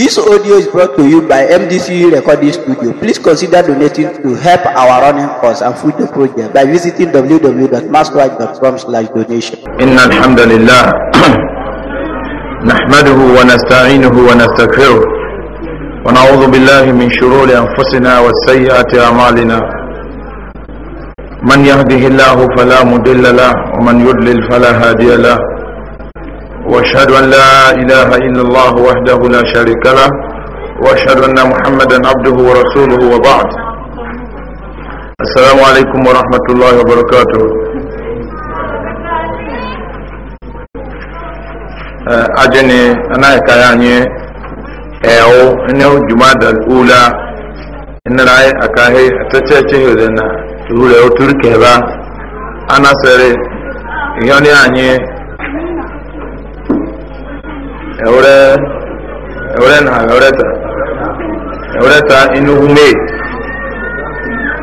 This audio is brought to you by MDCU Recording Studio. Please consider donating to help our running costs and future the project by visiting www.maskwatch.com slash donation. إن الحمد لله نحمده ونستعينه ونستغفره ونعوذ بالله من شرور أنفسنا وسيئات أعمالنا من يهده الله فلا مضل له ومن يضلل فلا هادي له واشهد ان لا اله الا الله وحده لا شريك له واشهد ان محمدا عبده ورسوله وبعد السلام عليكم ورحمه الله وبركاته آه، انا او anaika yanye الاولى ان راي اكاهي inarai akahi تقول او ture با انا سري يوني اني ẹwúrẹ ẹwúrẹ nà ẹwúrẹ ta ẹwúrẹ ta inugu may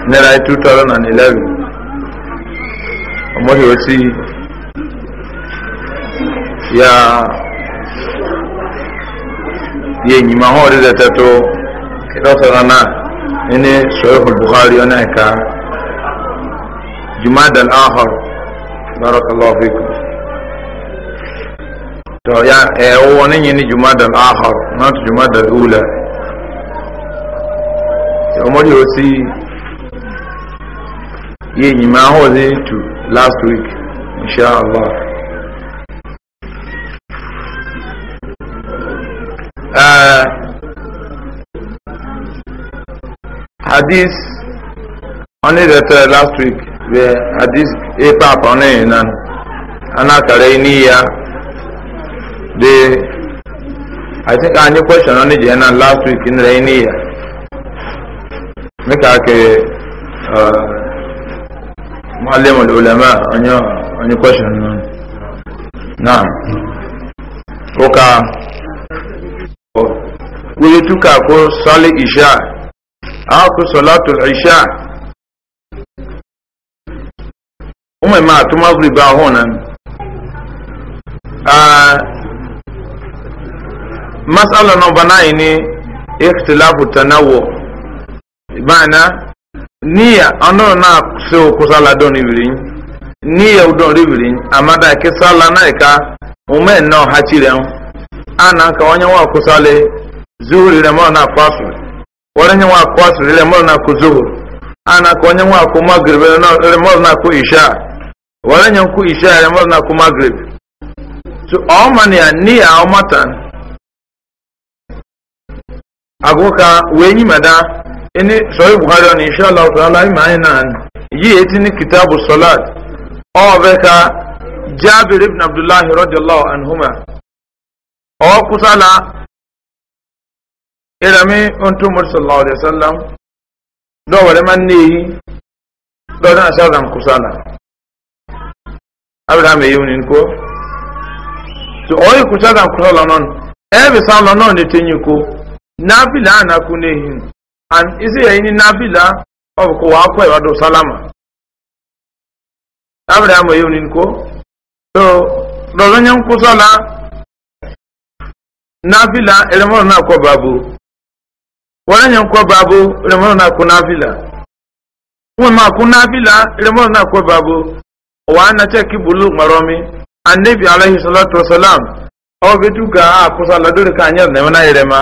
nira two thousand and eleven ọmọ yìí ti ya yẹ ẹnyìnmá hàn ọdẹ tẹtẹ tó na náà ẹni sọyọ buhari to ya eh wani yini jumada al-akhir not jumada al-ula omori osi ye ni ma ho ze to last week inshallah uh, hadith only that uh, last week where hadith a eh, papa on nan ana kare ni ya the I think any question on the last week in rainy Make a uh, Malim al Ulama on your on your question. Now, Oka, will you took a Sali Isha? Aku Salatul Isha. Umar masala nọmba 9 ni ikhtilafu tanawu bana niya ọnụrụ na so kusala don ibirin niya udon riri amada ke na e ka ume ahụ. A na ka onye wa kusale zuhuri le na fasu onye wa kwasu le mmadụ na A na ka onye wa ku magrib le mo na ku isha onye ku isha le mmadụ na ku magrib so all mania niya all matan Agụka agoka wenyi mada ini sahih bukhari on inshallah taala ima ina yi etini kitabu salat oveka jabir ibn abdullah radiyallahu anhuma o kusala irami ontu mur sallallahu alaihi wasallam do wale manni do na sadam kusala abra me yunin ko to oy kusala kusala non e be sala non na tinyi ko nabila na ku nehin and isi ya ni nabila of ko wa ko wa do salama abra mo yo nin ko so do lo nyam ku sala nabila ele mo na ko babu wala nyam ko babu ele mo na ko nabila kuma ma ku nabila ele mo na ko babu wa na ta ki bulu maromi annabi alaihi salatu wasalam aw bitu ga ah, ku sala do ka nyar ne na ire ma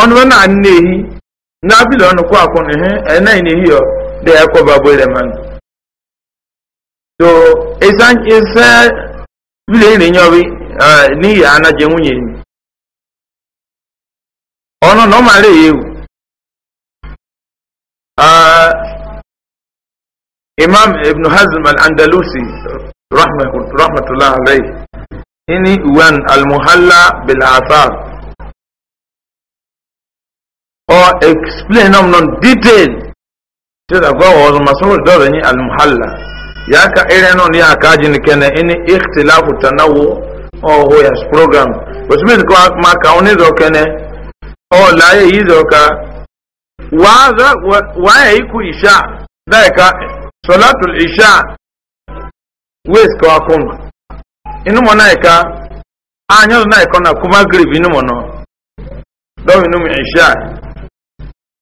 ọnụ ọ na-anị ehi na abịla ọnụ kwa akwụ na ihe enaghị na ehi ọ dị ya kwọba bụ ire so ịsa ịsa bịla ị na-enye n'ihi anaghị nwunye ọnụ na ọ maara ewu imam ibn hazm al-andalusi rahmatullah alayhi ini uwan al-muhalla bil-afar explain nam non detail ti da gwa wa zuma saboda dole ni al muhalla ya ka ire non ya ka jin kene ini ikhtilafu tanawu o ho yas program was me ko ma ka oni do kene o la ye yi do ka wa za wa ye ku isha da ka salatul isha wes ko akon inu mo na ka anyo na ko na kuma gribi inu mo no do inu mi isha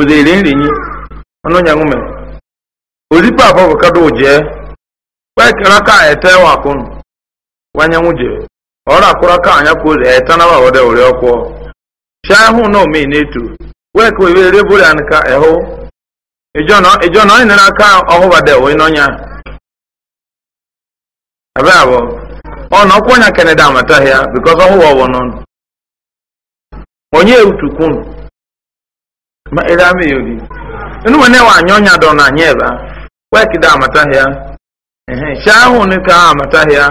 òdèrè ìrìnyí ọlọ́nyàwó mẹ́ òdìpá àfọwọ́ kádó òjẹ́ pẹ́ẹ́kìrákà ẹ̀tẹ́ wà kún wányẹ́wó jẹ́ ọ̀rọ̀ àkúrákà àyàkó ẹ̀tẹ́ náà wà wọ́dẹ̀ òrẹ́ ọkọ́ ṣááhùn náà mí n'ètò wẹ́ẹ̀kì wẹ́ẹ́ rébúrẹ́ àníkà ẹ̀hó ìjọ náà ìnira ká ọ̀húbàdẹ̀ òun ịjọ na àbọ̀ ọ̀nà ọkwọ́nyà kẹ́nẹ̀dà àmàtà hìá onye ma ere ama ya obi inu wene wa anyonya do na anya eba weki da amata ya ehe sha hu ni ka amata ya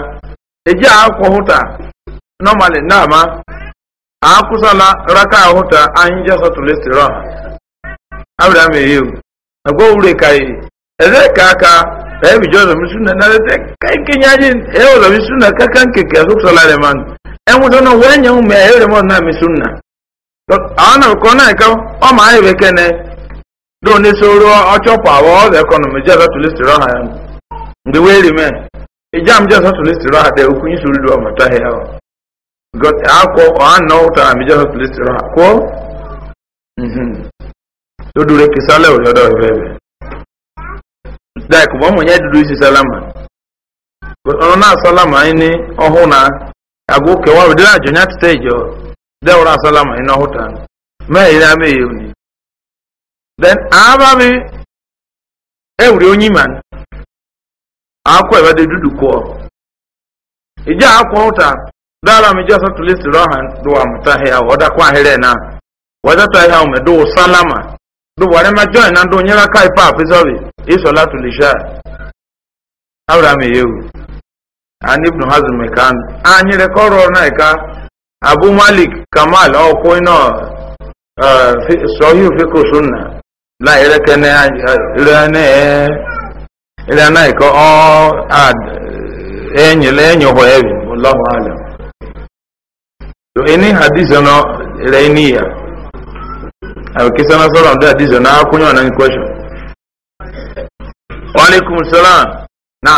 eji akwụkwọ huta normally na ma akusala raka huta anja satul istira abra ama ya obi agwo ure kai ere ka aka e bi jodo misuna na te kai kinyajin e o lo misuna ka kan ke ka so sala le man e mu do no wenya mu me e re mo na misuna àwọn náà kọ́ náà kẹ́ ọmọ ayé bẹ kẹ́nẹ́ ló ní sọ́rọ́ ọ̀chọ́pọ̀ àwọ̀ ọ̀dọ̀ ẹ̀kọ́nọ̀mì jẹ́ sọ́tùlẹ̀ sí rọ́hà yẹn ǹdí wéèrè mẹ́ ìjà mi jẹ́ sọ́tùlẹ̀ sí rọ́hà dẹ̀ okùn yín sórí ọmọ tó hẹ́ ọ. gọ́tì náà ó tàn tó dúró dáì kò bọ́mọ̀ yẹn sí sálámà ọ̀nà sálámà yín ní ọ̀hún náà dẹ́wọ́rọ́ asálàmù iná hóta mẹ́rin náà mẹ́yẹ òní. then àábá mi ẹ̀wùrẹ́ onyìmá ni àákọ́ ẹ̀bá de dúdú kọ́ ìjà àákọ́ hóta dára mi tó wà hẹ́ àwọ̀ ọ̀dà kọ́ àhẹ́rẹ́ náà máa ká ipá ìsọ̀ látò lè ṣá mi yẹ àní ibùdó hazùn mẹ́ka abu malik kamal ọkọ iná sọhí òfekò sunna láì ní ọ ẹyìn lẹyìn ọhọ ẹbí ọlọrun enye tó ẹni hadith ọ̀nà rẹ níyà àwòkí sọ́nà question. wa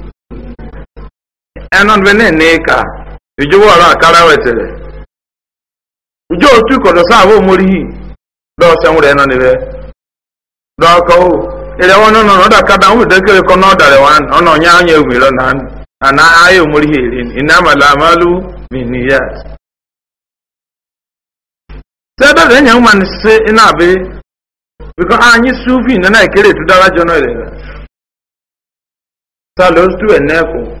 ẹnan bene ne ka ijubo ara akara wetere ijo otu kodo sa abo morihi do se nwure na nibe do ko ere won no no da kada hu de kere ko no dare wan ono nya na ana omori morihi irin ina mala malu biniyat sebe de nya man se ina be because anyi sufi na na kere etu dara jono ere sa lo stu eneko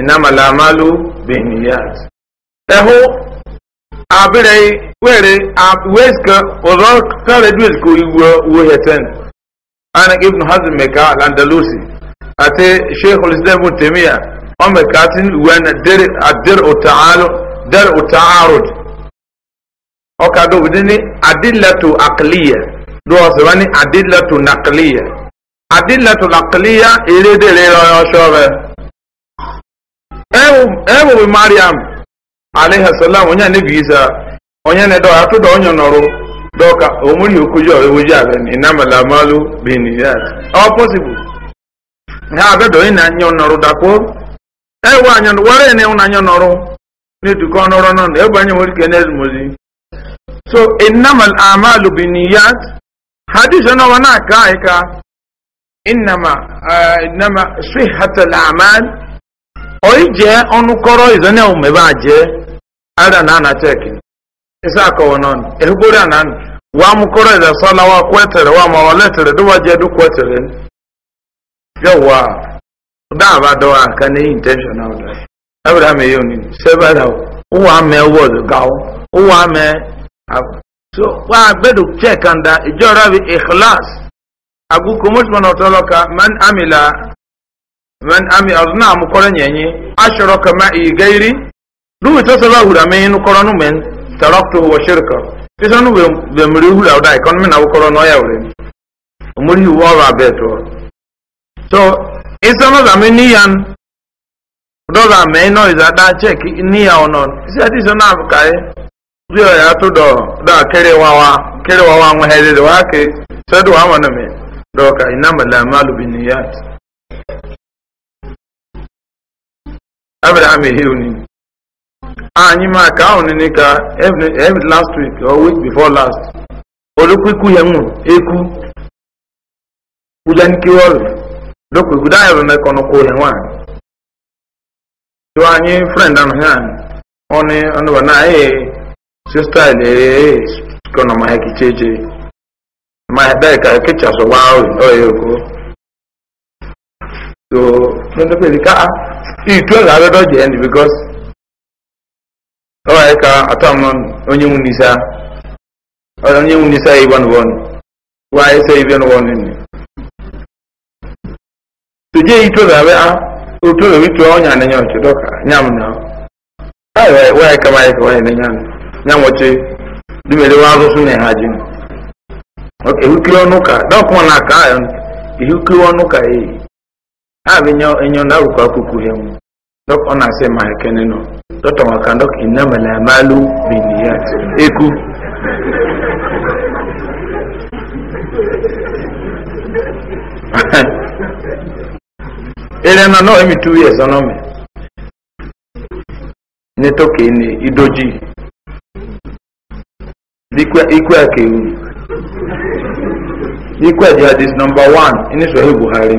ìnámàlà àmàlù bẹ̀nìyàt. ẹ̀hún abẹ́rẹ́ wẹ̀rẹ̀ wẹ́ẹ̀sì kan ọ̀rọ̀ káàrẹ̀ ju èsìkò ìwọ owó yẹtẹ́n. ana ibn hazm mẹ́ka landalusi àti sheikh olùsílẹ̀ ibn tèmíyà wọ́n mẹ́ka ti wẹ́n àdẹ́rẹ́ òtàárọ̀ dẹ́rẹ́ òtàárọ̀ ọkà dọ̀wọ́ dín ní adílẹ̀tò àkìlíyà dọ̀wọ́ sọ wọn ní adílẹ̀tò nàkìlíyà adílẹ̀tò nàkìlíyà èrè dèrè ọ̀ṣọ́ rẹ̀. ewu ewu mariam alaihissalam onye anabi isa onye na-edo atụda onye nọrụ dọka omuri okujo ewoji abeni inamala malu bin yas all possible ha abedo ina anyo nọrụ dakwo ewu anyo were ne una anyo nọrụ n'etuko ọnọrọ nọ na egbe nwere ike n'ezimozi so inamal amalu bin yas hadith ọnọ wa na-aka ịka inama eh, inama sihatul amal oyi jee ọnụ kọrọ a ara na ana cheki isa akọwa nọn ehubori a wa mu kọrọ iza sọla kwetere wa ma wa letere duwa e a ka ne intentional da abira me yoni seba gawo so wa bedu check and uh, ijora bi ikhlas agu man amila من أمي أزنا مقرن يعني أشرك معي غيري دو تسبا هورا مين قرن من تركته وشركه تسنو بمريه لو داي كون من أو قرن ويا ورين مريه وارا بيتو so إسانو زمي نيان دو زمي نو إذا دا چك نيا ونون إسانو زمي نيان Zio ya tu do da kere wawa kere wawa mu hede da wake sai do amana me do ka inama la malu bin niyat abraham ehewni ah, anyị ma ka ahụ nene ka every last week or week before last olukwu ikwu ya eku ekwu ujanikiri ọrụ lokwe guda ya rụrụ mekọ n'ụkwụ ya nwaanyị tụ anyị friend anụ ya ọnụ ọnụba na ee sista ee kọ na ma ha kiche eche ma ị dai ka kicha sọ gbaa ọrụ ọrụ ya okwu itwe ga abịa dọjie ndị bikos ọ ka atọ m onye nisa onye nwu nisa iwa nụ wọn wa ya sị n'ụwa nụ wọn nne tuje itwe ga abịa otu ga itwe ọnya na nya ọchị dọka nya m na wa ya ka ma ya ka wa ya na nya dumere wa na ha ji ehukiri ọnụ na aka ahụ ehukiri ọnụ ka abi nyo enyo na uko akukuhe mu dok ona se ma ekene no doto waka dok inama la malu biniyat eku ele na no emi two years ono me ne toke ni idoji bikwa ikwa ke ikwa jihadis number 1 ini sahih buhari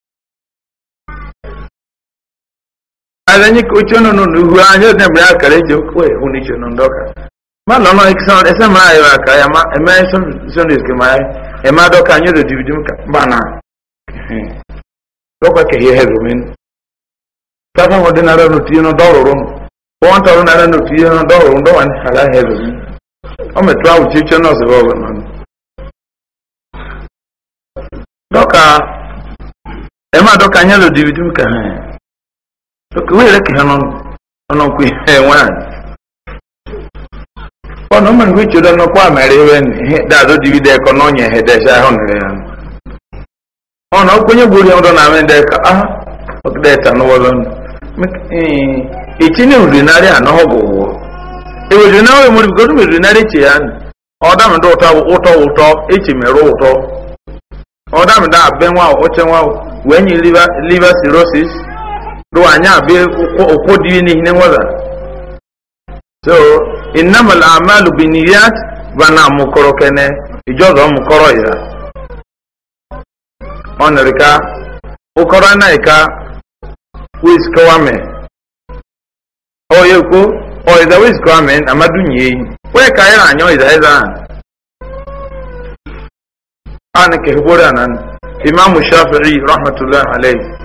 adanyi ocho no no nuhu anyo ne bra kare je ko e huni cho no ma no no ikson ese ma ayo aka ya ma e ma so so ne ke ma e ma doka anyo do dividim ka bana hmm. doka ke ye hezo men tata wo nara no ti no doro ron won ta nara no ti no doro ron do wan hala hezo men o me twa uchi cho no se bo no doka e ma doka anyo do dividim ka ha hmm. wéèrè kìí ọ̀nà ọ̀nà kù ẹ̀wọ̀n àná ọ̀nà mẹ́rin kú ìṣòro ọ̀nà kú àmẹ́rẹ́ wẹ́ ní dáadọ́ dìbí dẹ́ kọ́ náà yẹn hẹ́dẹ́ ṣe ahọ́n rẹ̀ yẹn ọ̀nà ọ̀gbọ́nyẹ́ gbòòrò yẹn ọ̀dọ́ náà mẹ́rin dẹ́ ká á ọ̀kẹ́dẹ́ ẹ̀ta ní wọ́lọ́ ìtí ọgwụ ụtọ ụtọ ụtọ echi ụtọ nwa liva cirrhosis do anya be ko di ni ne wala so innamal a'malu binniyat bana mukoro kene ijo do mukoro ira onrika ukoro na ika wis kwame oyeko o ida wis kwame amadu nyi we ka ira anyo ida ida ana ke hubura nan imam shafi'i rahmatullahi alayhi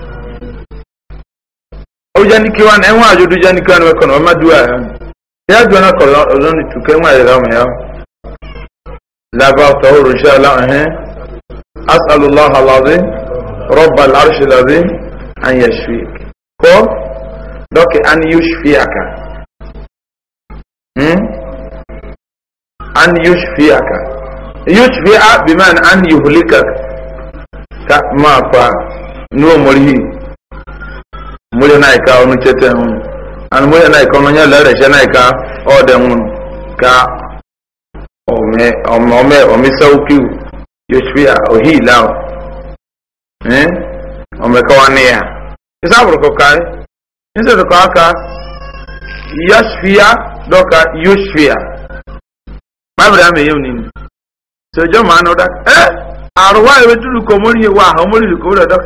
ojani kiwa na enwa ajodu jani kiwa na kono ma dua ya dua na kono ozoni tuke enwa ya e ma ya la ba tawru insha Allah eh as'alullah alazim rabb al'arsh alazim an yashfik ko donc e an yushfiaka hmm an yushfiaka yushfi'a biman an yuhlikak ka ma fa no morihi muri na ika onu chete hun an muri na ika onu ka ome ome ome ome sauki yoshia ohi ila eh ome ka wania ka buruko e. kai ka yoshia doka yoshia mabra ma no da eh wa e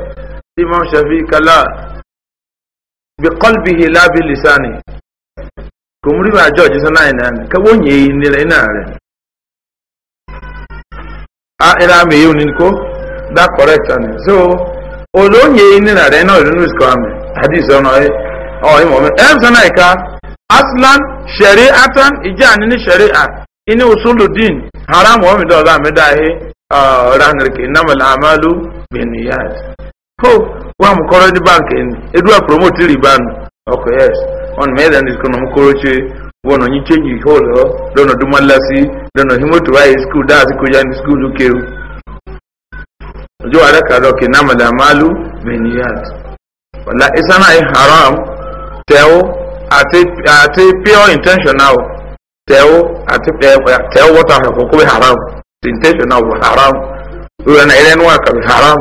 imam shafi kala biqalbihi la bi lisani kumuri ba george sana ina ne ka wonye ni na ina re a ira me yu ni ko da correct ane so olonye ni na re na olunu isko ame hadis ono e o imo me em sana ka aslan shari'atan ijani ni shari'a ini usuluddin haram wa mi do da me da he ranar ke innamal amalu bin niyyat ko wa mukɔrɔ di bank ɛni eduwa promote riba nu ɔkɔ yɛs ɔnu mɛ ɛdani kɔnɔ mu kɔrɔ tse wɔnɔ nyi change hall hɔ lɔnà dumalasi lɔnà himoto ayi school daasi ko yanni school kewu ojú wa rẹ kàdọ kì nàmàdà màálù bẹniyàt ọ̀la ìsànà yìí haram tewu ati pure intentional ati àti tẹ̀wó e, e, wọ́tà kòkó haram intentional haram na nwa ka bụ haram.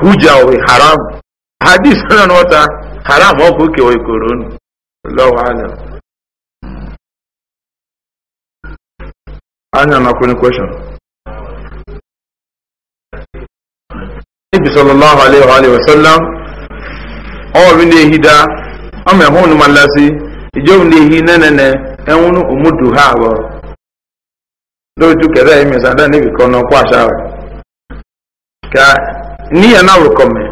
huja owe haram hadis haram ọ bụ oke oekoro unu lọwa anya na kwene kweshọn sallallahu alaihi wa alihi wasallam na-ehi da ọmọ ẹhụ ọnụ malasi ijom na-ehi nenene ẹnwụnụ omudu ha abụọ lóòtú kẹrẹ ẹmẹsà dá níbi kan náà kó àṣà rẹ ká niya na rukome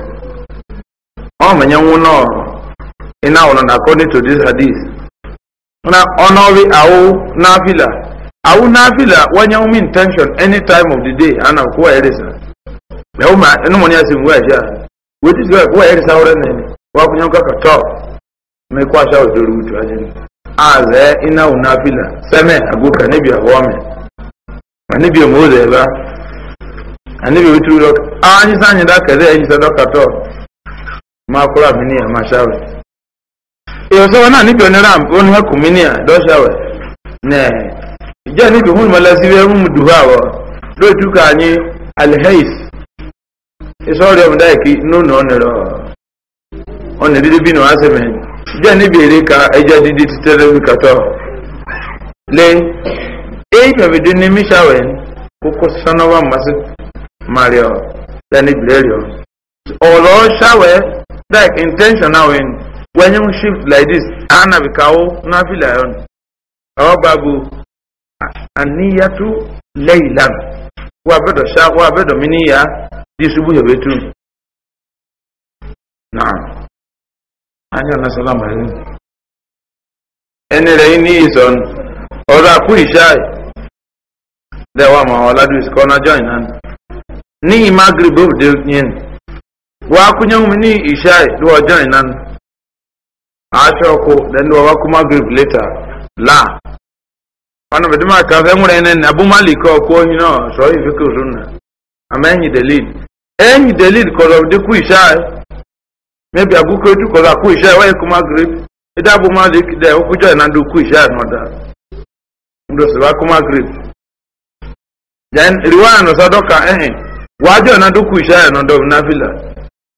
ọmanye nye ọrụ ina ọrụ na according to this hadith na ọnọri n'afila awụ n'afila wanye ume intention any time of the day ana ya enu erisa wa ka me kwa sha odoro utu aje aze ina ọrụ n'afila seme agoka ne bi ahụ ọmị ma ne bi ebe anibi witiri dɔk aa anyi sa anyi da kɛse anyi sa dɔ katɔ maa kura mi a ma sawɛ iyo sɛ wɔn a nibi oni ram oni hɛ kumi ni a dɔ sawɛ nɛ jɛ nibi hun ma lasi bɛ hun duhu awɔ do tu ka anyi alihais isɔɔri ɔmu da yi ki nu na ɔni rɔ ɔni didi bi na wa sɛmɛ jɛ nibi eri ka ɛjɛ didi titɛrɛ bi katɔ le eyi pɛmɛ di ni mi sawɛ koko sanɔba masi mario lẹni blario ọ̀rọ̀ shower like intentional when when you shift like this anabikawo nafila yọn àwọn babu aniyatu leilan wa abẹ́dọ̀ ṣá wa abẹ́dọ̀ mi níyà di ṣubú yẹ̀wé tu náà ányà náà sálámà yẹn ẹni rẹ̀ yín ní ìsọ̀n ọ̀rọ̀ àkú ìṣáì lẹ́wọ̀ àmọ́ ọ̀làdùn ìsìkọ́ náà jọ́ ìnáni ni magrib of de yin wa kunya mu ni isha do ajan nan asha ko dan do wa kuma magrib later la ana bidima ka fe mu rene abu malik ko nyi no so yi fiku sunna amenyi dalil enyi dalil ko of the ku isha maybe abu ko tu ko la ku isha wa ku magrib ida e abu malik de ku join nan do ku isha no da ndo se wa ku magrib then riwaya no sadoka eh, eh. wajo na duku isha na ndo nafila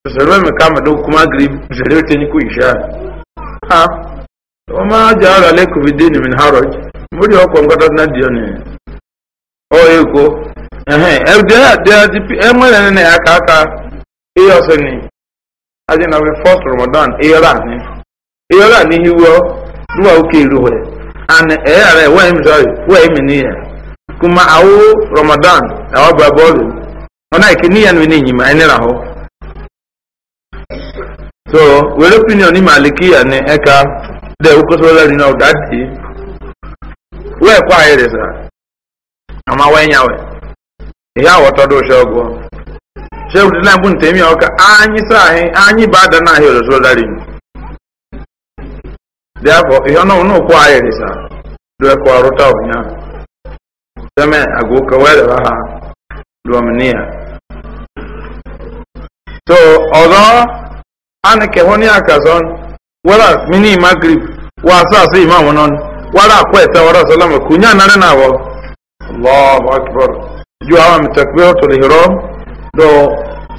sasa mimi kama duku magrib zelete ni kuisha ha wama jaala alaikum min haraj muri wako ngata na dione o yuko ehe ebde de de emwe ne aka aka iyo ni aje na first ramadan iyara ni iyara ni hiwo duwa uke ruwe an e ara we mi sorry we mi ramadan e, ona ìkíní ni ní ìyìnbá ẹni rà so wẹ́rẹ́ opinion ni maliki ya ẹ̀ka dẹ̀ ó kọ́sọ́ lẹ́nu náà ọ̀dà dì í wọ́n ẹ̀kọ́ ayé rẹ̀ sà àmọ́ wọ́n ẹ̀yà wẹ̀ ìyá àwọ̀tọ́ dó ṣọ́ọ̀gù ṣẹ́gun tí náà bú ntẹ̀mí ọ̀ka ányí sáàhín ányí bá dá so ọ̀dọ́ anìkẹ̀wọ́n ní àkàzọ́n wọ́lá mini magrib wà sáàsì ìmáàmù náà wàlá àkọ́ ẹ̀tẹ́ wọ́lá sọlámù kù ní àná nínú àwọ̀ allahu akbar ju àwọn àmì tẹ̀kpẹ́ tó lè rọ́ dọ̀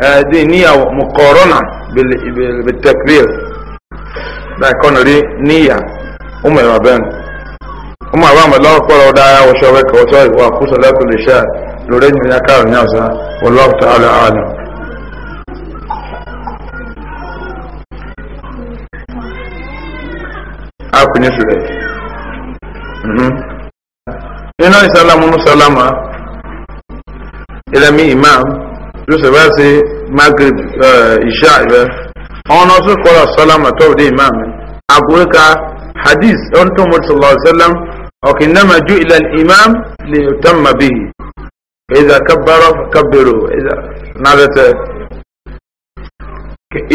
ẹ̀ẹ́dì mu kọ̀ọ̀rọ̀nà bẹ̀lẹ̀ tẹ̀kpẹ́ dàkọ́nà rí níyà ọmọ ẹ̀rọ bẹ́ẹ̀ ọmọ àwọn àmì lọ́wọ́ kọ́ra ọ̀dà ayáwó ṣọ́wẹ́ kọ́tọ́ ìwà kúṣọ̀lẹ́kùn lè ṣá lórí ẹ̀yìn ìyá káàrin náà sá wọ́lọ́ọ̀tà àlọ́ àlọ́ akunye sura mhm. nínú ìsàlámù nùsàlámà ìlẹ̀mí imam yusuf bá ṣe magreb ìṣá eh, ìbẹ́ ọ̀hún náà tún kọ́ra sàlámà tọ́wọ́ dé imam àgùrẹ́ ka hadith ọ̀n tó mọ̀ sọ̀lá sàlám ọ̀kì nàmà ju ìlẹ̀ imam lè tán mà bí ìdá kábàárọ̀ kábèrò ìdá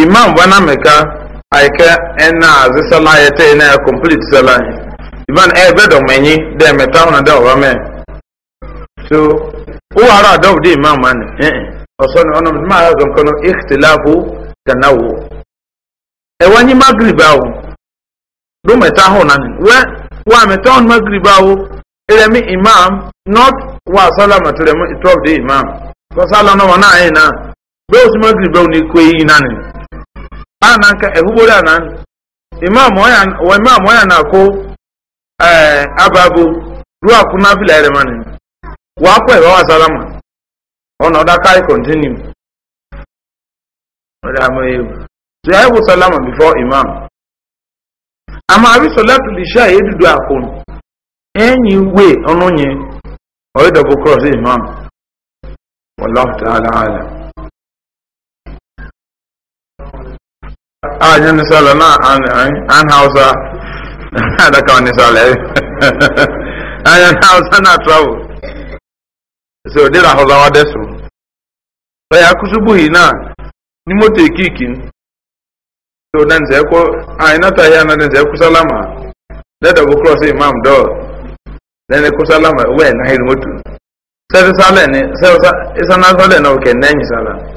imam wọn náà aike ena azi salaye te ina complete salaye ivan e eh, be do menyi de meta ona de oba me so o ara do di imam man eh oso ni ono ma ha gon kono ikhtilafu tanawu e eh, wani magriba o do meta ho na ni we wa meta on magriba o ele mi imam not wa salama tele mo 12 di imam ko sala no eh, na ina be o si magriba o ni ko yi na ni a na nka ehugbori a na imam oya wa imam oya na ko eh ababu ruwa kuna bila remani wa ko e wa salama ona da kai continue oda ama ewu so ya ewu salama before imam ama abi salatu li shahid du akon enyi we ọnụnye oido bu cross imam wallahu ta'ala ala. Anya ah, nisala na an hausa da ka wani sala eh. anyị hausa na travel so dira hausa wa desu so ya kusubuhi na ni moto so dan zai ko anyị na tahiya na dan zai salama da go cross imam do dan ku salama we na hiru moto sai sala ne sai isa na sala na o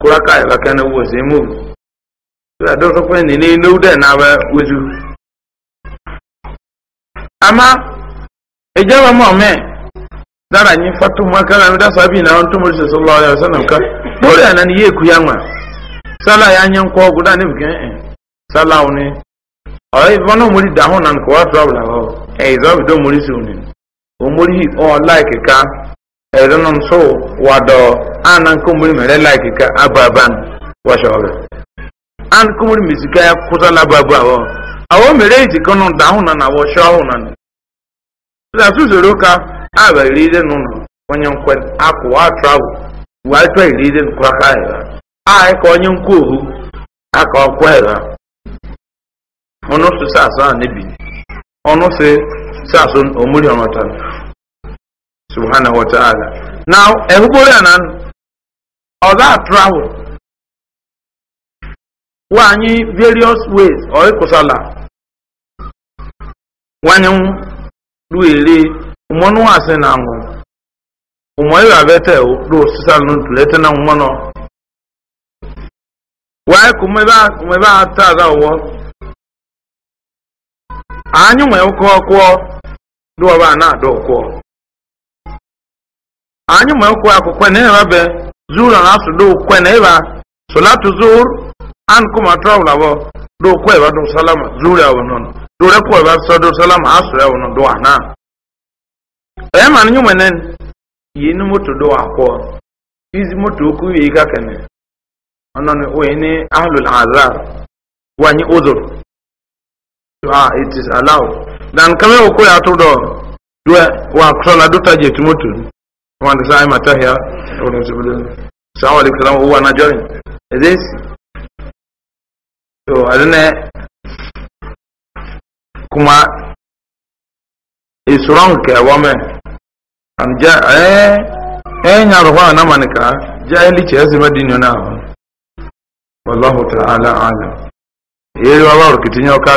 kuraka ya kana wo mu ya do so kwen ni no de na ba wuzu ama ejawa mo me dara nyi fatu mo kana da sabi na on tumu sallallahu alaihi wasallam ka bore ana ni yeku ya nwa sala ya nyen ko guda ni bge eh sala oni oyi bono muri da ho nan ko wa problem e zo do muri o muri o like ẹ̀rọ̀nà nso wàdọ̀ ànà nkúmùrì mere láìkì ká ababan wàṣọ̀rọ̀ ànà nkúmùrì mẹ̀sìká yà ya lábàbà wọ̀ àwọn mẹ̀rẹ̀ èjì kan nù dàhùn nà wọ̀ na nà nì. sísè àtúnṣòro ká àbẹ̀ rí dé nù nù onye travel e e onye nkú òhu subhanahu wa ta'ala now ehubore ọza travel wanyi various ways ọyị kụsala wanyi du ere ụmọnụ asị na anwụ ụmọnụ abete do osisa n'otu lete na ụmọnụ wee kụmebe ata ada ụwọ anyị nwee ụkọ ọkụọ dụọba na-adọ ọkụọ anyị mụ ekwe akwụkwọ na ịra be zuur na asụ do na ịba solatu zuur an kuma trọbụl abụọ do kwe ịba do salama zuru ya wụ nọn do rekwe ịba sọ do salama asụ ya wụ nọn do ana ẹ ma ni nyuma nen moto do akwọ izi moto oku yi ka kene ọnọ ni oyi ni ahlul azar wanyi uzur ah it is allowed dan kame okwe atụ dọ do wa kụsọ na do tajet moto wanda sa'a ma ta hiya wurin su bulu sa'a wali kalam uwa na join is this to kuma is wrong ke wame an ja eh eh nya ruwa na manika jahili eh, ce yazi eh, madinyo na wallahu ta'ala alam yeri wa baro kitinyo ka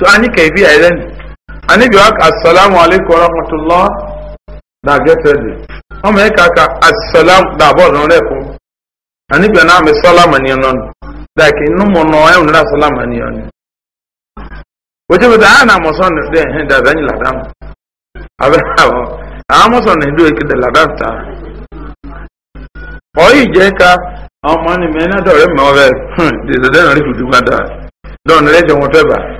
to anyị ka ebi ya ere anyị bi ọka asalamu alaikum rahmatullah da na ọ mee ka aka asalam da abọ ọzọ anyị bi na amị salama ni nọ da ke nnu mụ ya nwere oche bụ daa na amụsọ na ndị ehe da zanyi abịa abụọ na ndị ladam taa yi ka ọmọ mee na dọrọ bụ dị dị dọrọ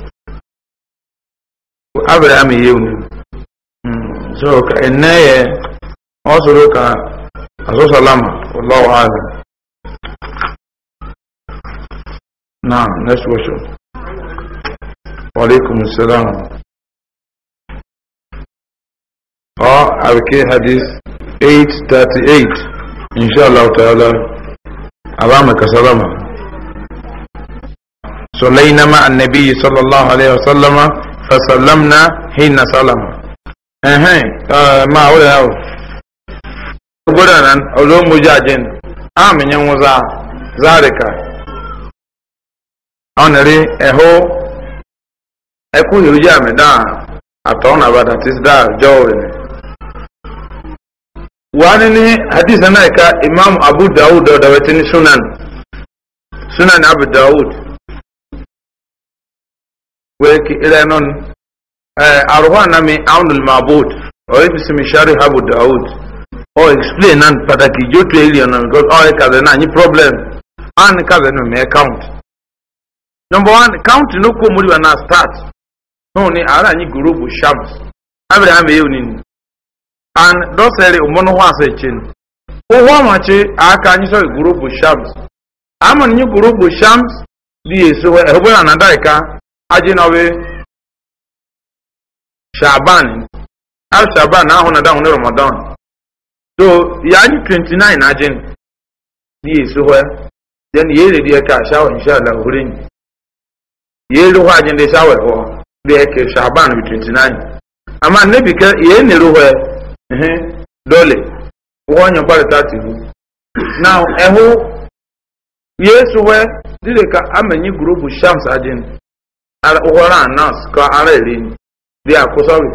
abraham yeu ne so ka enne ye osoro ka aso salama wallahu alam na next question wa alaikum assalam or i will get hadith 838 inshallah ta'ala abamaka salama صلينا مع النبي صلى الله عليه وسلم fasallamna hina salama ehe ma wuri hau gudu nan ozo mu jajin aminye nwuza zarika oniri eho eku hiru ji ami da ato na bada tis da jowri ne wani ni hadisa na imam abu dawud da sunan sunan abu da'ud weki irenon arwa na mi aunul mabud o ibi simi shari habu daud o explain nan pataki jotu alien on god o ka na ni problem an ka no me account. number one account no ko muri wana start no ni ara ni group shams abraham e ni an do sere umono wa se chin o wa ma che aka ni so group shams amon ni group shams di yesu e ho na daika ajinawe shaban al shaban na ahụ na dahụ na ramadan so ya anyị 29 ajin ni esu hwa then ya ere di ka shawa insha Allah hurin ya ere hwa ajin de shawa ho de ke shaban with 29 ama ne bi ka ya ne ro hwa eh dole wo nyo bare 30 now ehu yesu hwa dile ka amenyi group shams ajin ụgwọrọ anas ka ara ere ni di akusọri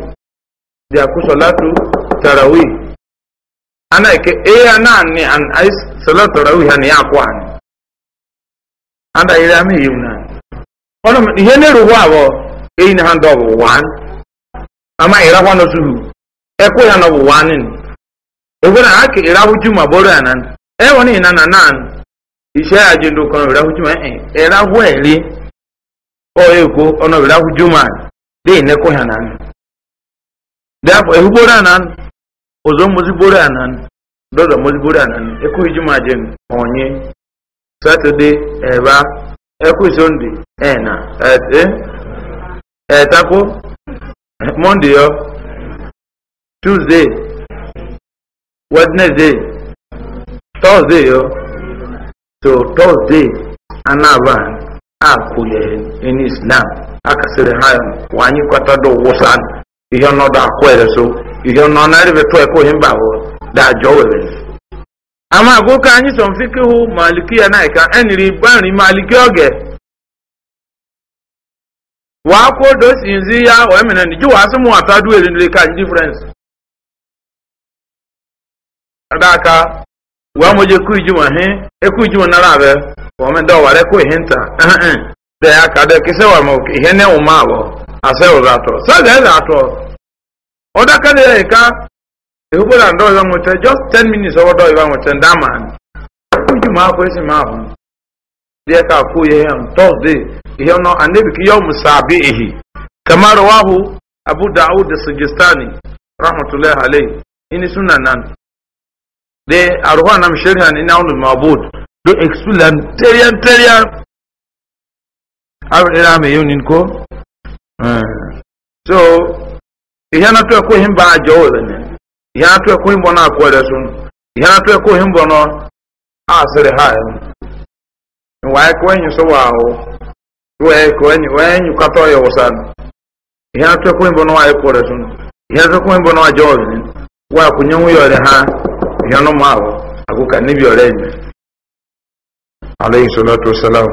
di akusolatu tarawi ana eke eya naanị an ai salat tarawi ha na ya akwa anyị anda ire ama ihe na ọnụ ihe na erugbo abụọ eyi na ha ndị bụ wan ama ịrakwa n'otu ekwe ha na ọbụ wanin ekwere ha ka ịrahụ ju ma bụrụ ya nan ewe na ịna na nan ishe ya ji ndị ụkọ ịrahụ ju ma ịrahụ eri oyeko ọ̀nà ìlà juma dé ìnẹ́kọ̀ yàn nánú. Dàpọ̀ ehu bóró ànánú òzò mọ́sí bóró ànánú dọ́dọ̀ mọ́sí bóró ànánú ekú ìjùmọ̀ àjẹm ọ̀nyẹ sátidé ẹ̀bá ekú sọ́ndé ẹ̀nà ẹ̀tẹ́ ẹ̀tako mọ́ndé yọ yọ tó ha kwunyere in islam akasịrị ha wa anyị kwatado wụsan ihe ọnọdụ akwere so ihe ọnọ narịbe tụ ekwe ihe mba bụ dajọ were ama agụ ka anyị sọ mfike hụ maliki ya na ka eniri banri maliki oge wa kwụ dosi nzi ya o emere ndị ji wasị mụ atọ duere nri ka ndị difference wa mo je ku ijuma he e ku ijuma na rabe wa me do wa re ku hinta eh eh de eh. aka de kise wa mo ihe ne o ma ase o rato de rato o da ka de ka e ndo mo te just 10 minutes o do mo te man ku ijuma ko esi ma ho de ka ku ye on thursday ihe no anabi ki yawm sabihi kama rawahu abu daud rahmatullahi alayhi ini de aruwa nam shirhan ina unu mabud do explain terian terian to ko himba ajo ne to ko himbo na ko da sun ihana to ko himbo no asere ha en wa ko en so wa o we ko en we en ka to yo wasan ihana to ko himbo no ay ko da sun ihana wa yanu maawo agoka níbi ọ̀rẹ́ mi salatu wasalam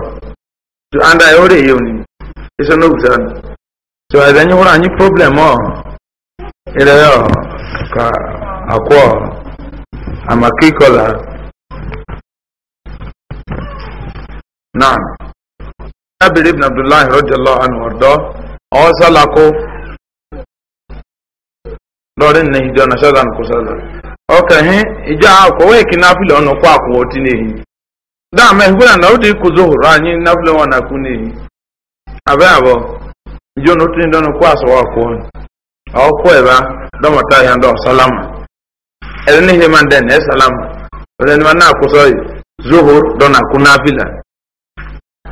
to anda ẹ ọrẹ yẹn ni ẹsẹ náà wùsà ni so ẹ dẹni wọn anyị problem ọ ẹrẹ ọ ka akọ na. naa jabir ibn abdullahi rajallahu anhu ọdọ ọ sálàkó lọrin ní ìjọ náà ọka he ije akwụkwọ wee ki nafile ọnụ kwa akwụkwọ oti n'ehi da ma ehigwe na ọ dị kuzo hụrụ anyị nafile nwa na kwu n'ehi abịa abụọ ije ọnụ otu ndị ọnụ kwa asọwa akwụkwọ ọkwụ ebe dọmọta ya ndị ọsalama ere n'ihe ma ndị na esalama ndị n'ihe na akwụsọ zuhur dọ na kwu nafila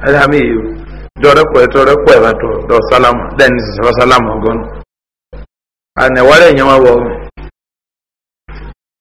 ere ha mee iwu dọrọ kwa eto dọ kwa ebe dọ salama den salama ọgọnụ a na-ewere enyemọbụ ọgụ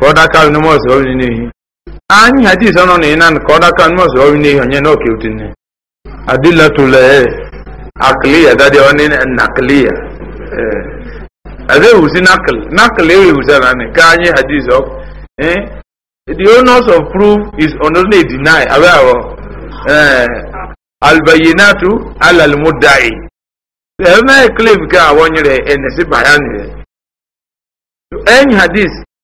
E, ka ọ daka nụ mọsụ ọrụ n'ihi anyị ha jisọ nọ n'ịna ka ọ daka nụ mọsụ ọrụ n'ihi onye n'oke utinne adilatula e akiliya ọ ọnị na akiliya azewusi nakil nakil ewusa na ni ka anyị ha jisọ the onus of proof is only deny awọ e, albayinatu alalmudai ẹ mẹ claim ka àwọn nyere ẹnẹsí bayanire ẹnyi hadith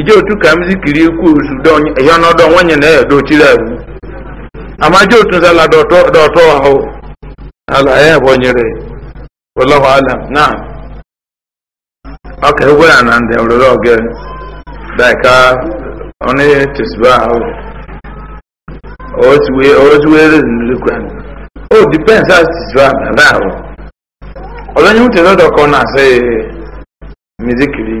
ije otu ka m zikiri ikwu osu ihe ọnọdụ nwanyị na ya dochiri agwụ ama je otu nsala dọtọ ahụ ala ya bọnyere wallahu alam na ọka egwe ya na ndị ọrụrụ oge daika ọnụ tisba ahụ ozuwere nnukwu o dipens as tisba na ahụ ọzọ nye m tezọ dọkọ na asị mizikiri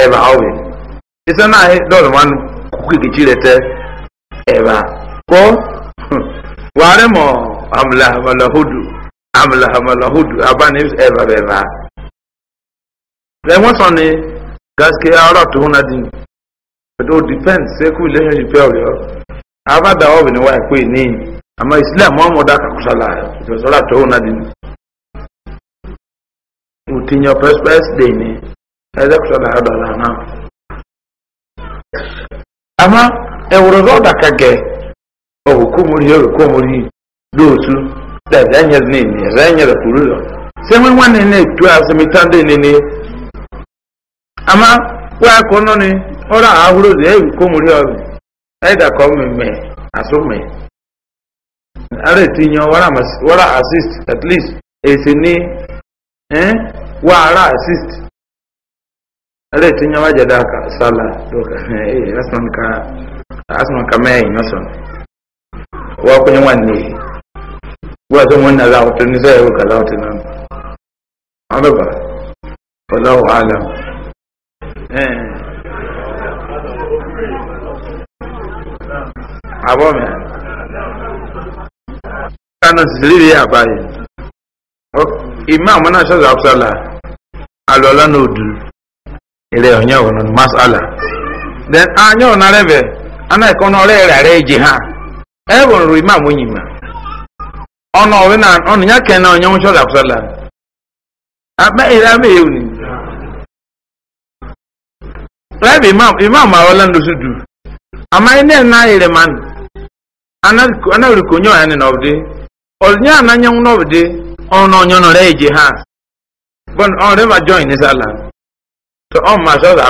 ẹ̀bà ọ̀bẹ̀ ṣiṣẹ́ náà dọ̀rọ̀ wọn kékeré rẹ̀ tẹ́ ẹ̀bà kọ́ wàárẹ̀ mọ̀ amúlàmàlàhódù amúlàmàlàhódù abáni ẹ̀bà bẹ̀bà. ẹ̀wọ̀n sọ ni gàṣkì ọ̀rọ̀ tó hùnà dín ọ̀dọ̀ dìpẹ́ǹd sẹ́kù relationship ọ̀rẹ́ ọ̀ abada ọ̀bẹ̀ ni wàá pè ní àmọ́ islam wọn mọ̀ dá kàkúsàlà ìfẹ̀sọ́lá tó hùnà dín. òtí yan pẹ́sipẹ́sì dè ní. ẹlẹ́kùsọ̀ náà ẹ̀dọ̀ náà náà. àmọ́ ẹ̀wùrọ̀ lọ́ọ̀dà kẹgẹ́ òkú mu rí òkú mu otu lóòtú ẹ̀rẹ́ ẹ̀yẹ ní ìní ẹ̀rẹ́ ẹ̀yẹ rẹ̀ kúrú lọ. ṣé wọ́n wá nínú ètò àsèmítàndé nínú àmọ́ wọ́n ni ọ̀rọ̀ àhúrò rẹ̀ ẹ̀rù kó mu rí ọ̀rẹ́ ẹ̀dà kọ́ mẹ̀mẹ̀ àsomẹ̀. àrẹ ara assist at least esi ní wara assist ala etinye waje da aka sala doka eh, eh asman ka asman ka mai nason wa kunye wanne wa zan wannan za a wutar ni zai yi kaza wutar nan arba wallahu alam eh abo me kana zili ya bayi oh, imam na shaza sala alola no du ilé ọ̀nyẹ́ ọ̀nà ní masala then anyẹ́ ọ̀nà rẹ̀bẹ̀ anáìkọ́ náà ọ̀rẹ́ rẹ̀ rẹ̀ jì ha ẹ̀wọ̀n rò ìmá àwọn ma ọnụ ọ̀nà na náà ya ìyá kẹ́ náà ọ̀nyẹ́ wọn ṣọ́ọ̀dà fúsọ́là abẹ́ ìlà abẹ́ yẹ̀wò ni na ha ala. to ọ ma asọ dị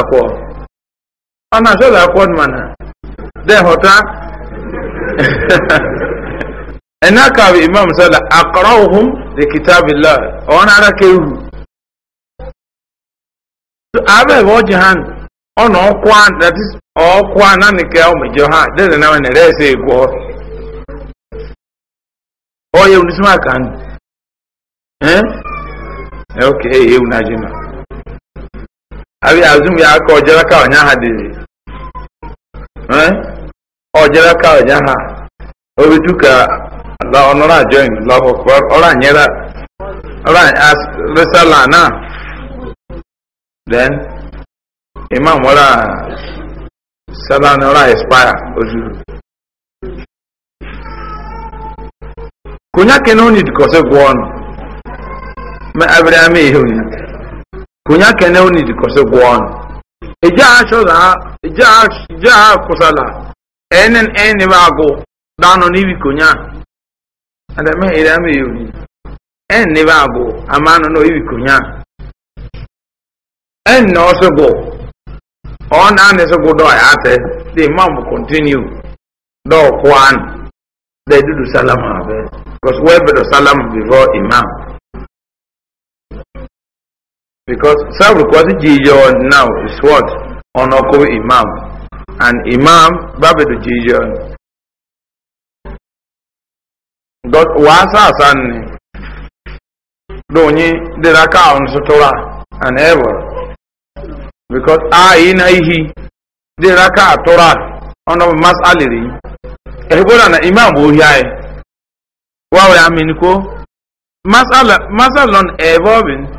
ọ na asọ dị akwọ dị mana dị ena ka bụ imam akọrọ dị ọ na ara ka ebe ọ ha ọ ọkwa ọkwa ka ha na mana ere ese egwu ọ ya aka ndụ abi azum ya ka ojara ka onya ha diri eh ojara ka onya ha obi tuka la onora join la akbar ora nyera ora as resala na then imam wala sala na ora expire ozu kunya kenoni dikose gwon ma abrami hunya kunya kene oni di kose gwon eja aso da eja ja kusala enen eni bago dano ni bi kunya ada me ira me yuri en ni bago amano no ibi kunya en no so go on an so go do ate the mom continue do kwan they do the salam because we be the salam before imam because self requested jijon now is what onoko imam and imam babedu jijon god wasa asan donye dira ka on sutura and ever because a ina ihi dira ka tura ono masaliri ehibora na imam bo hiae wa wa amini ko masala masalon evolving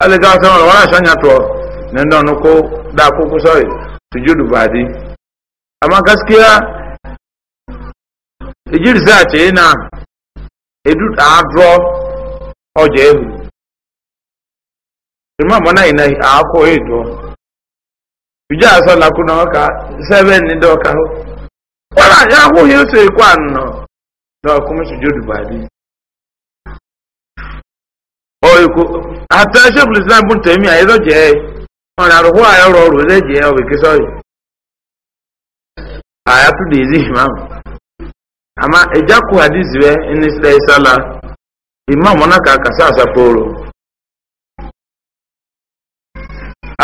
a sọ́nà wọ́n aṣáájú àtọ̀ nínú ọ̀nà kó dá kókó sọ́rì tùjúdù bàdí. àmọ́ gaskiya ìjírísà àti iná edu àádọ́ ọjà ehu ìmọ̀ àmọ́ náà iná àákó èdò ìjọ asọ na ọkà sẹ́fẹ̀n ní dọ́ọ̀ka ó wọ́n àyà ahó yẹn sọ èkó ata shekul islam bu ntẹmi ayẹlọ jẹ ẹ ọrọ àrùkọ ayọrọ ọrọ ẹlẹ jẹ ẹ ọbẹ kẹsọ yìí ayatu de imam ama ẹja kó hadiz bẹ ẹni sẹ sálá imam ọ̀nà kà kàsá àsàpọ̀rọ̀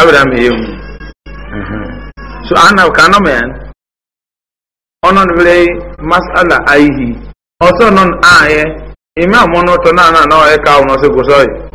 abraham so ana kanọ mẹ́rin ọ̀nà nìbẹ̀rẹ̀ masala ayihi ọ̀sọ̀ nọ ààyẹ imam ọ̀nà ọ̀tọ̀ náà náà náà ẹ̀ka ọ̀sẹ̀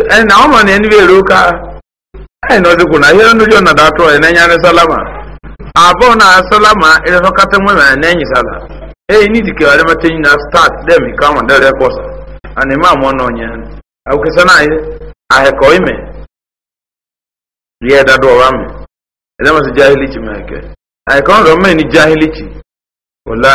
ẹni na ọmọ ni ẹni bí èrò ká ẹni ọdún kùnà yẹn ló jọ nàdá tó ẹ n'ẹnyà ni sálámà àbọ̀ náà sálámà ẹni fọ́ kátẹ́ mọ́ ẹ̀mẹ́ n'ẹ̀yìn sálà ẹ̀yìn ní ìdìkẹ́ ọ̀rẹ́ mẹ́tẹ́ yìí náà start dẹ́mi káwọn dẹ́rẹ́ pọ̀ sà àní má mọ́ náà yẹn àwòkẹ́sẹ́ náà ìmẹ̀ yẹ ẹ̀dá dọ̀ wá mi ẹ̀dá mọ̀ sí jahilichi mẹ́kẹ́ mẹ́ni jahilichi lè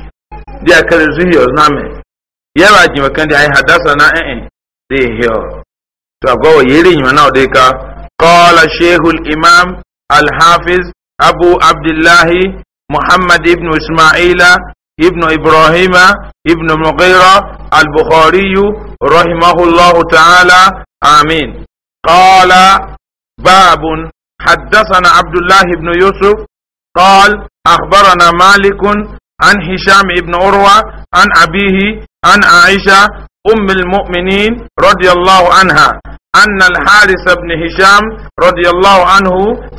دي أكل زهيو نامي يواجي مكان دي أي حدثنا إيه دي هيو تقوى يرين مناو ديكا قال شيخ الإمام الحافظ أبو عبد الله محمد بن إسماعيل ابن إبراهيم ابن مغيرة البخاري رحمه الله تعالى آمين قال باب حدثنا عبد الله بن يوسف قال أخبرنا مالك عن هشام ابن عروة عن أبيه عن عائشة أم المؤمنين رضي الله عنها أن الحارث بن هشام رضي الله عنه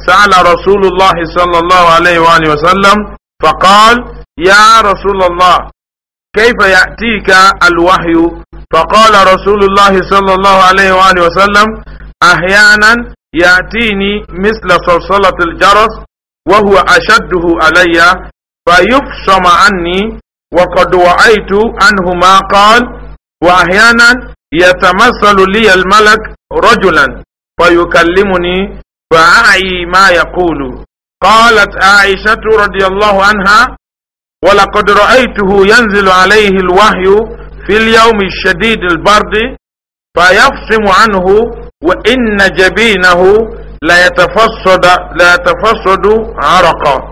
سأل رسول الله صلى الله عليه وآله وسلم فقال يا رسول الله كيف يأتيك الوحي فقال رسول الله صلى الله عليه وآله وسلم أحيانا يأتيني مثل صلصلة الجرس وهو أشده علي فيفصم عني وقد وعيت عنه ما قال وأحيانا يتمثل لي الملك رجلا فيكلمني فأعي ما يقول قالت عائشة رضي الله عنها ولقد رأيته ينزل عليه الوحي في اليوم الشديد البرد فيفصم عنه وإن جبينه لا يتفسد لا يتفسد عرقا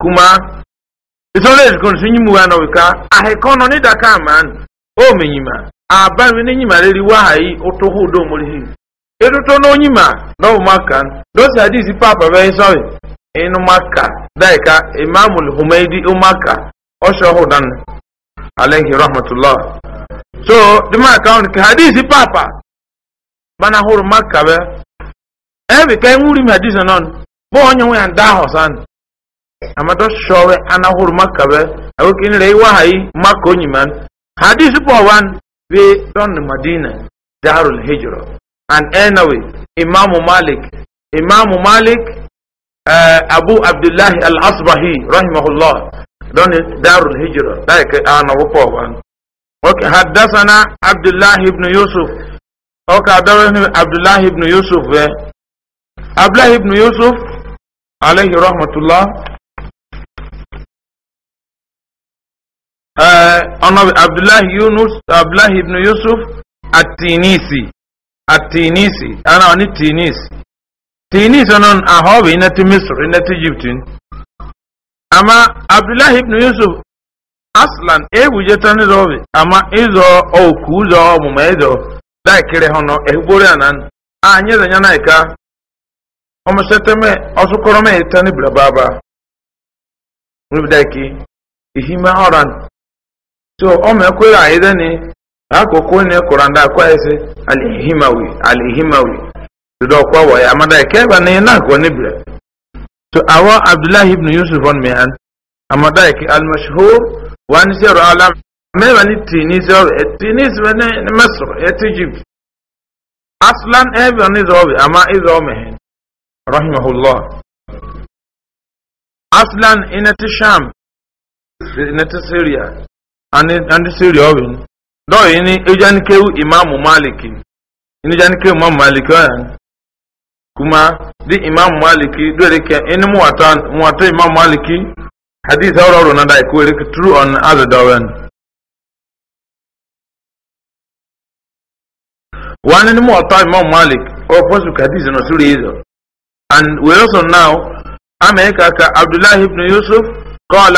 kuma isole zikon sun yi muwa nauka a no ni da ka man o mi yima a ba mi ni yima riri wahayi o to hu do mori edo to no yima no maka do si hadisi papa be sorry inu maka daika imamul humaydi o maka o shohu dan alayhi rahmatullah so di ma ka on hadisi papa bana huru maka be e bi ka enwuri mi hadisi non bo onye nwe anda hosan اما تو شوي انا هور مكابا او كين لي واي ماكو نيمان حديث بوان في دون مدينة دار الهجرة عن انوي امام مالك امام مالك ابو عبد الله الاصبهي رحمه الله دون دار الهجرة لايك انا وبوان اوكي حدثنا عبد الله بن يوسف اوكي دون عبد الله بن يوسف عبد الله بن يوسف عليه رحمه الله Eh, ọ̀nà abdullahi yunus abdullahi ibn yusuf atinisi atinisi ana oni tinisi tinisi ọ̀nà ahọ́bì iná ti misr iná ti ama abdullahi ibn yusuf aslan ebuje tani ama izo oku uzo ọmụma izo daikiri hono ehugbori anan anyị zanya na ika ọmụsheteme ọsụkọrọ mee tani baba. Rubi daiki ihime oran so ọmọ ẹkọ yà ayẹdẹ ni akoko ni kuranda akọ ẹsẹ alihimawi alihimawi dodo ọkọ wọ ya amada ẹkẹ ẹba ni iná so awọ abdullahi ibn yusuf ọ̀n mìíràn amada ẹkẹ alimashihur wa ni sẹrọ ala mẹba e ni tìní sẹrọ e, tìní sẹrọ ni mẹsọrọ ẹtì e, egypt aslan ẹbẹ ni zọọbi ama rahimahullah aslan sham syria. and ndị siri ọwin dọọ ni ejanikewu imamu maliki ni ejanikewu imamu maliki ọya kuma di imamu maliki dore ke ini muwata muwata imamu maliki hadith ọrọ ọrọ na da ikuwe rike true on azụ dọwen wani ni muwata imamu malik o fosu hadith na suri izo and we also now america ka abdullahi ibn yusuf قال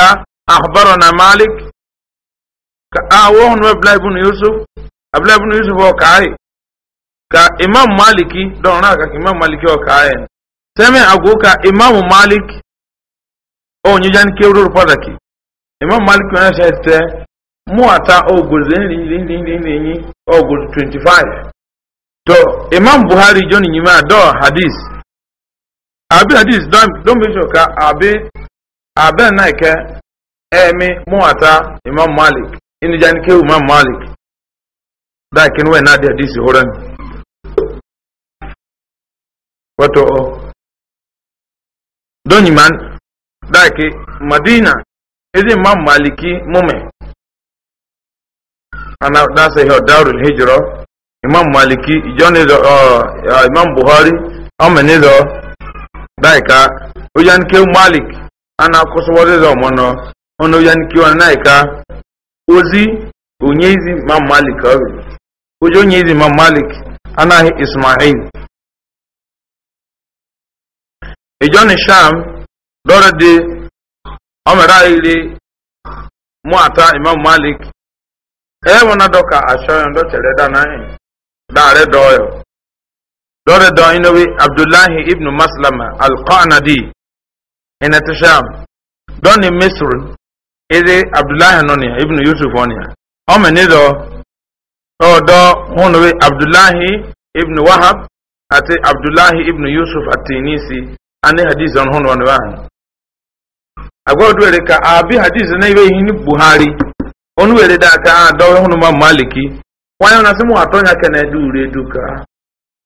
أخبرنا مالك ka awo hono abdullahi ibn yusuf abdullahi ibn yusuf o kai ka imam maliki don na ka imam maliki o teme seme agoka imam malik o nke kewrur rupadaki. imam malik onye na shete mu ata o gozen ni ni ni ni ni o goz 25 to imam buhari joni nyima do hadis abi hadis don don be sure ka abi abe na ke emi mu ata imam malik ini jani ke umam malik da kin wai na da hadisi horan wato oh. don iman da ke madina izin imam maliki mume ana da sai ho darul hijra imam maliki ijoni do oh, imam buhari amene do da ka uyan ke malik ana kusuwa da mono oh. ono yan wa na ka ozi onyezi imam malik ọrịa ozi onyezi imam malik anaghị ismail ejoni sham dọrọ dị ọmere ahịrị muata imam malik ewe na dọka ashọyọn dọchere danaghị dare dọyọ dọrọ dọ inowe abdullahi ibn maslama alqanadi inati sham dọni misri ịdị abdullahi nọ ya ibnu yusuf ọ ya ọ menidọ ọdọ hụnụwe abdullahi ibnu wahab ati abdullahi ibnu yusuf àtìnísì ani hadith ọ̀n hụnụ ọ̀nụ ahụ agwọdụ were ka abi hadith na ibe ihe buhari onu were da aka a dọwe hụnụ ma maliki wanyị na sị mụ atọ ya na du ure du ka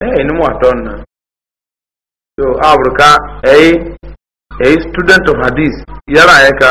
ee ni mụ atọ na so abụrụ ka ee ee student of hadith yara ya ka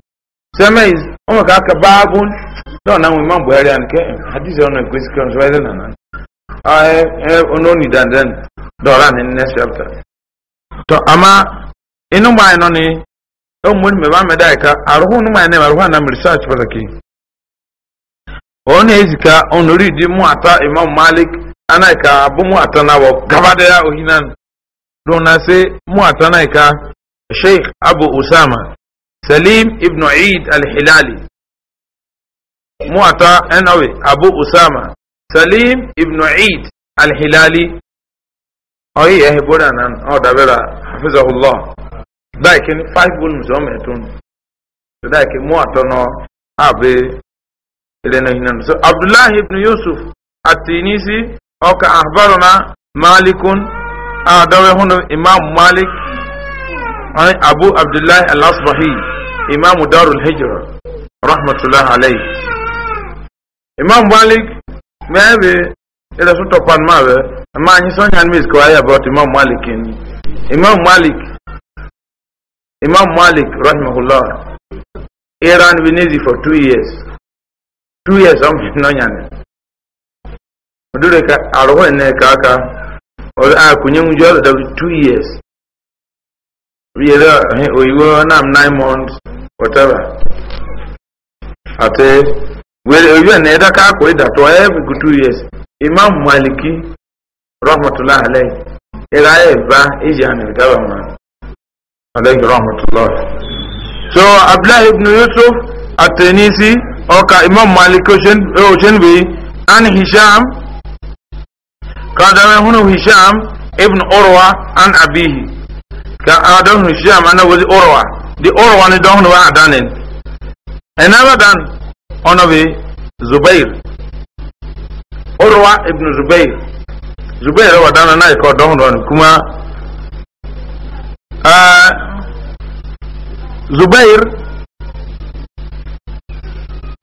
sị e, e, amaghịzị e, ọ nwekwara aka gbagwo ndị na-amụ i ma mgbe ọrịa nke hajizịa ọ na-ekwesịtụ ka ọ na na-adị. onye onye onye onye onye onye ama nidandị nnọọ anị n'esia taa. ma ịnụmọ ya mmemme ahụede ka arụhụ ọnụmọ ya na-eme arụhụ anamrị saa achịpata ike. ọnụ ezi ka ọnụrịdị muwata imam malik ana-eka abụ muwata na-abụ gbadaa ohi na n'ọdụlọ n'asị muwata na-eka sheikh abu usama. سليم ابن عيد الحلالي معطى أنوي أبو أسامة سليم ابن عيد الحلالي أي يهبونا نان أو دابرا حفظه الله لكن فايف بول مزومتون لكن معطى نو أبي عبد الله بن يوسف التينيسي أو كأخبرنا مالك أدوي آه، هنا إمام مالك an abu abdullahi al-asbahi imamu darul hijra rahmatullah alayhi imam malik mẹ́ẹ̀bẹ̀ ilẹ̀ sọ́tọ̀ pan máa bẹ̀ ẹ̀ma anyi sọ́nyà ní mẹ́sìkò ayé about imam malik ni imam malik imam malik rahimahullah iran venizi for two years two years ọmọ ìnáyà ni ọdún rẹ̀ ka àrùwọ̀ ẹ̀ náà kàákà ọ̀rẹ́ àkùnye ń two years. or you oyibo nam nine months whatever ate wele oyibo na ẹdá káàkó ìdàtọ every good two years imam maliki rahmatulah alayhi ìlà ẹ̀bá ìjì àná ìdábà mọ́ alayhi rahmatulah so abdullahi ibn yusuf atenisi ọkà imam maliki oshenbe eh, and hisham kàdáwé hunu hisham ibn urwa and abihi. ka adon hisham mana wazi urwa di urwa ni don wa adanin another dan onobi zubair urwa ibn zubair zubair wa dana na ko don don kuma uh, zubair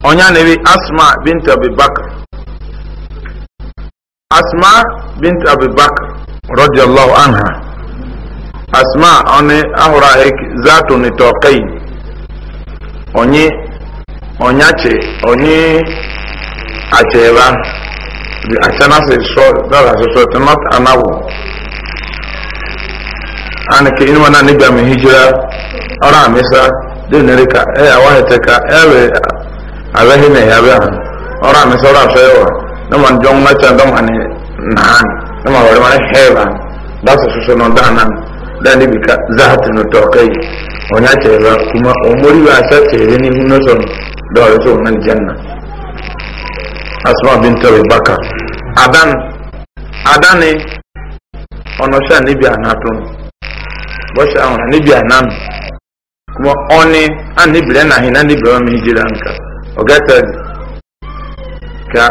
onya ne bi asma bint abi bakr asma bint abi bakr radiyallahu anha asma onye ahụrụ ahụ zato nitokai onye onyachi onye achịba the achanasi so that is so it's not anawo and ke inu na ni gbami hijira ara amisa de nere ka e awa hete ka ewe awe he ne yabe ha ara amisa ara so yawa na man jong na chandam ani na na ma wale ma heba that's so so no danan dani bika zahatu no tokai onya teba kuma omuri ba ta tebe ni huno son do re nan janna asma bint abi bakar adan adani ono sha ni bi anatun bo sha ona ni bi anan kuma oni an ni na hinan ni mi nka ka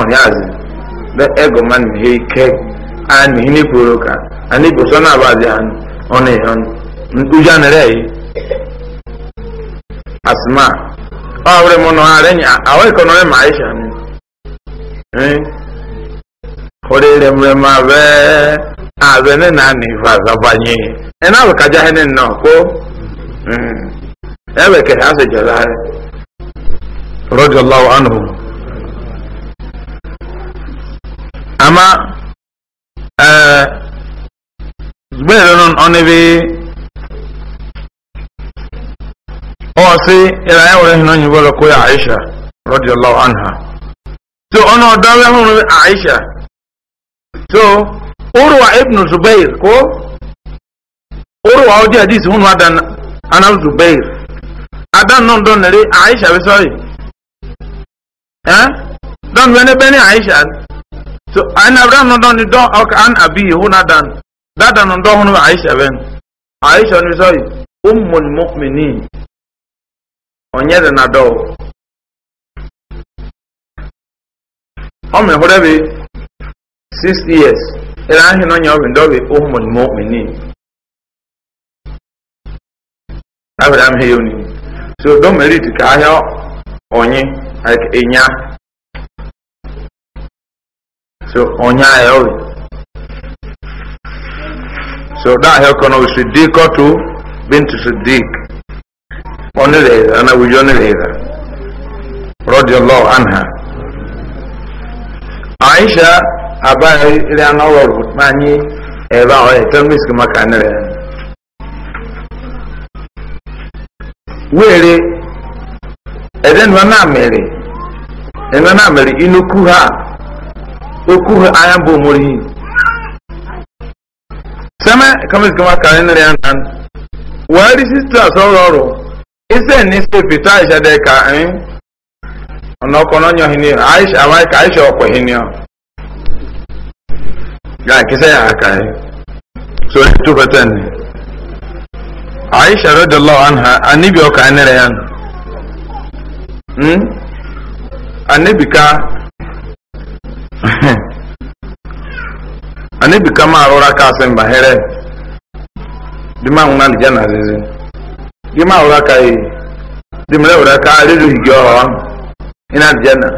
on yazi ego man he ani hini kuro ka ani ko na ba di an one on ntuja ne re asma awre mo no are ni awai ko no re maisha ni eh kore re mo ma ne na ni fa za ba ni e na ka ja hene no ko mm ebe ke ha se jara radiyallahu anhu ama zubair nun ɔne bi ɔwɔ ɛra ayɛ wɔrɛ hinɛ ɔnyi kɔ yɛ aisha rɔdiyallahu anha so ɔno ɔdɔwɛ hono aisha so urwa ibnu zubair ko urwa ɔdi hadisi hono adan anam zubair adan non dɔn nere aisha bi sɔri ɛn dɔn wɛne bɛne aisha so ana ran no don don ok an abi na dan dan no don hono aisha ben aisha ni so ummul mu'minin onyere na do o me hore be 6 years era hin no nyawo ndo be ummul mu'minin abra am onye so don merit ka ahịa onye like enya so onye ahịa obi so bintu sidik onireza ana wujo onireza rọdịọlọ anha aisha abaghị ire anọ ọrụ anyị ebe ahụ eto miski maka nire were ede nwa na mere nwa na ha okuhu aya bụ omori sɛmɛ kamisi kama kari nira yan kan wari ọrụ ọrụ. ise ni se fita aisha dị ka ɛn ɔnà ɔkɔnɔ nyɔ hinni aisha awa ka aisha ɔkɔ hinni ɔ ya kisɛ ya ka yi eh. so ɛn tu fɛ tɛn aisha rɛ dɔlɔ anha anibi ɔka nira yan hmm anibi ka. anabi kama arụra ka asị mba here dima nwụna lija na dima arụra ka yi e. dimre wụra ka arịrị higi ọhụrụ ịna lija na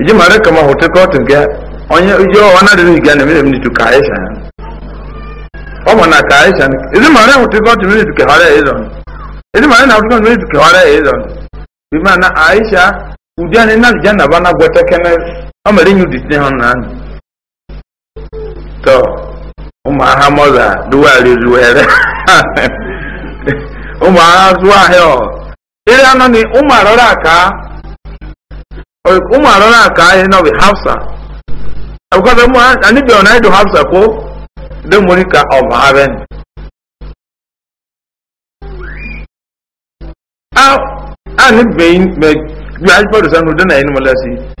iji mara kama hotel kọtụ nke onye iji ọrụ na arịrị na mmiri m nitu ka aisha ọ bụ na ka aisha e na mara kọtụ ya ịzọ na kọtụ mmiri tuke na aisha ụdị anyị na lija na ba ama dị nyu disney hɔ nan tɔ ụmụ aha mɔza duwa alizu wɛrɛ ụmụ aha zuwa hɛɔ ire anọ ni ụmụ arọrọ aka ụmụ arọrọ aka yi nɔ bi hafsa akɔfɛ mu ani bi ɔna hausa hafsa ko de mori ka bụ abɛn a a ni bɛyin bɛ gbi ayipɔ do sanu na yi ni si.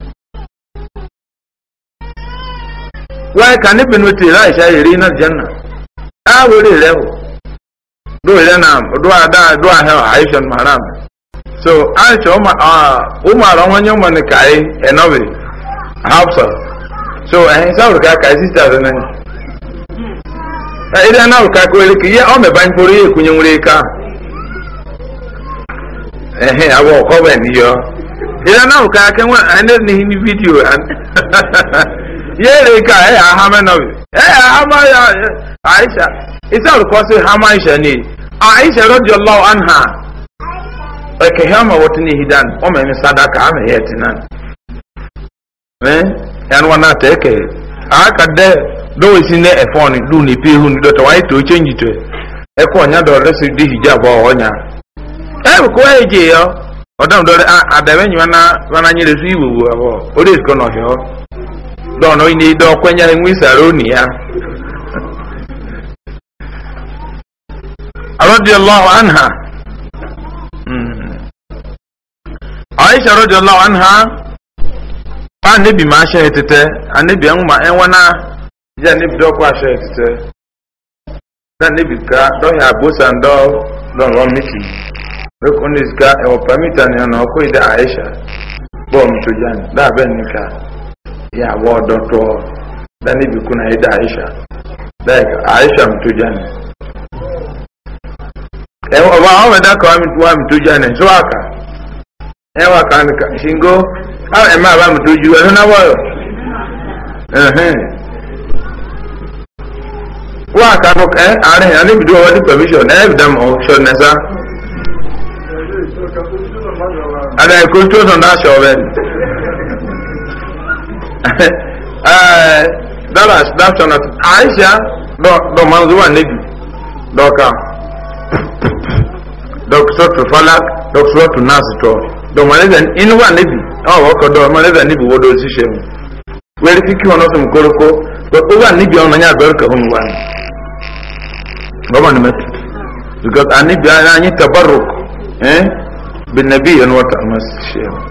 wáyé ka níbi nu tìrì láìsá ìrì iná jẹ́nà á wéré rẹ̀ wò dó ìrẹ́ náà àdá àìsàn màrà mi so àìsàn ó mà rọ̀ wọ́n yẹ́ ní hapsa so ẹ̀hìn sáwùrù ká kàáyé sísá rẹ̀ náà ẹ̀ẹ́dẹ́ náà ká kó eré yẹ ọmọ ẹ̀bá ń forí wúre yere ka ẹ yà hama nọbi ya e e, aisha isa olùkọ́ sí hama aisha ni aisha rọ́jò lọ́wọ́ anha ẹ̀kẹ́ e hẹ́ ọmọ wọ́tí ní hidan ọmọ ẹni sadaka ama ẹ̀yẹ ti nan ẹ ẹni wọn náà tẹ́ ẹ̀kẹ́ aka dẹ dọ́wọ́ esi ní ẹ̀fọ́ ni dùn ní pé hun dọ́tọ̀ wáyé tó chẹ́njì tó ẹ kọ́ ọ̀nyá dọ̀ ọ̀rẹ́sì di hijab ọ̀ ọ̀nyá ẹ̀ kọ́ yọ ọ̀dọ́ ọ̀dọ́ adàbẹ́yìn wọn don ị na-ede ọkwenye enwe isara onu ya radiyallahu anha hmm. aisha radiyallahu anha ba nabi ma ashe tete a an ma en wana ya nabi do kwa ashe etete. na nabi ka do ya bosa ndo do ro miki rek onis ka e o permit Ọkụ na aisha bom to jan da ben nika ya wadoto dani bi kuna ida aisha like aisha mtujani ewa eh, wa awe da kwa mtu wa mtujani so aka ewa eh, kan shingo au ema eh, ba mtuju wa na wayo eh eh wa ka no eh are ani bi do wa permission na bi dam o sho na sa ada ko to na sho ben dara snapchat na aisha do manzo wa nabi doka dok to falak dok to nas oh, oh, to do maneza in wa nabi awo ko do maneza nabi wo do si shemu weli fiki wono tum koroko do ko wa nabi on nya barka hun wa baba ne met because anibi anyi tabarruk eh bin nabi an wata mas shemu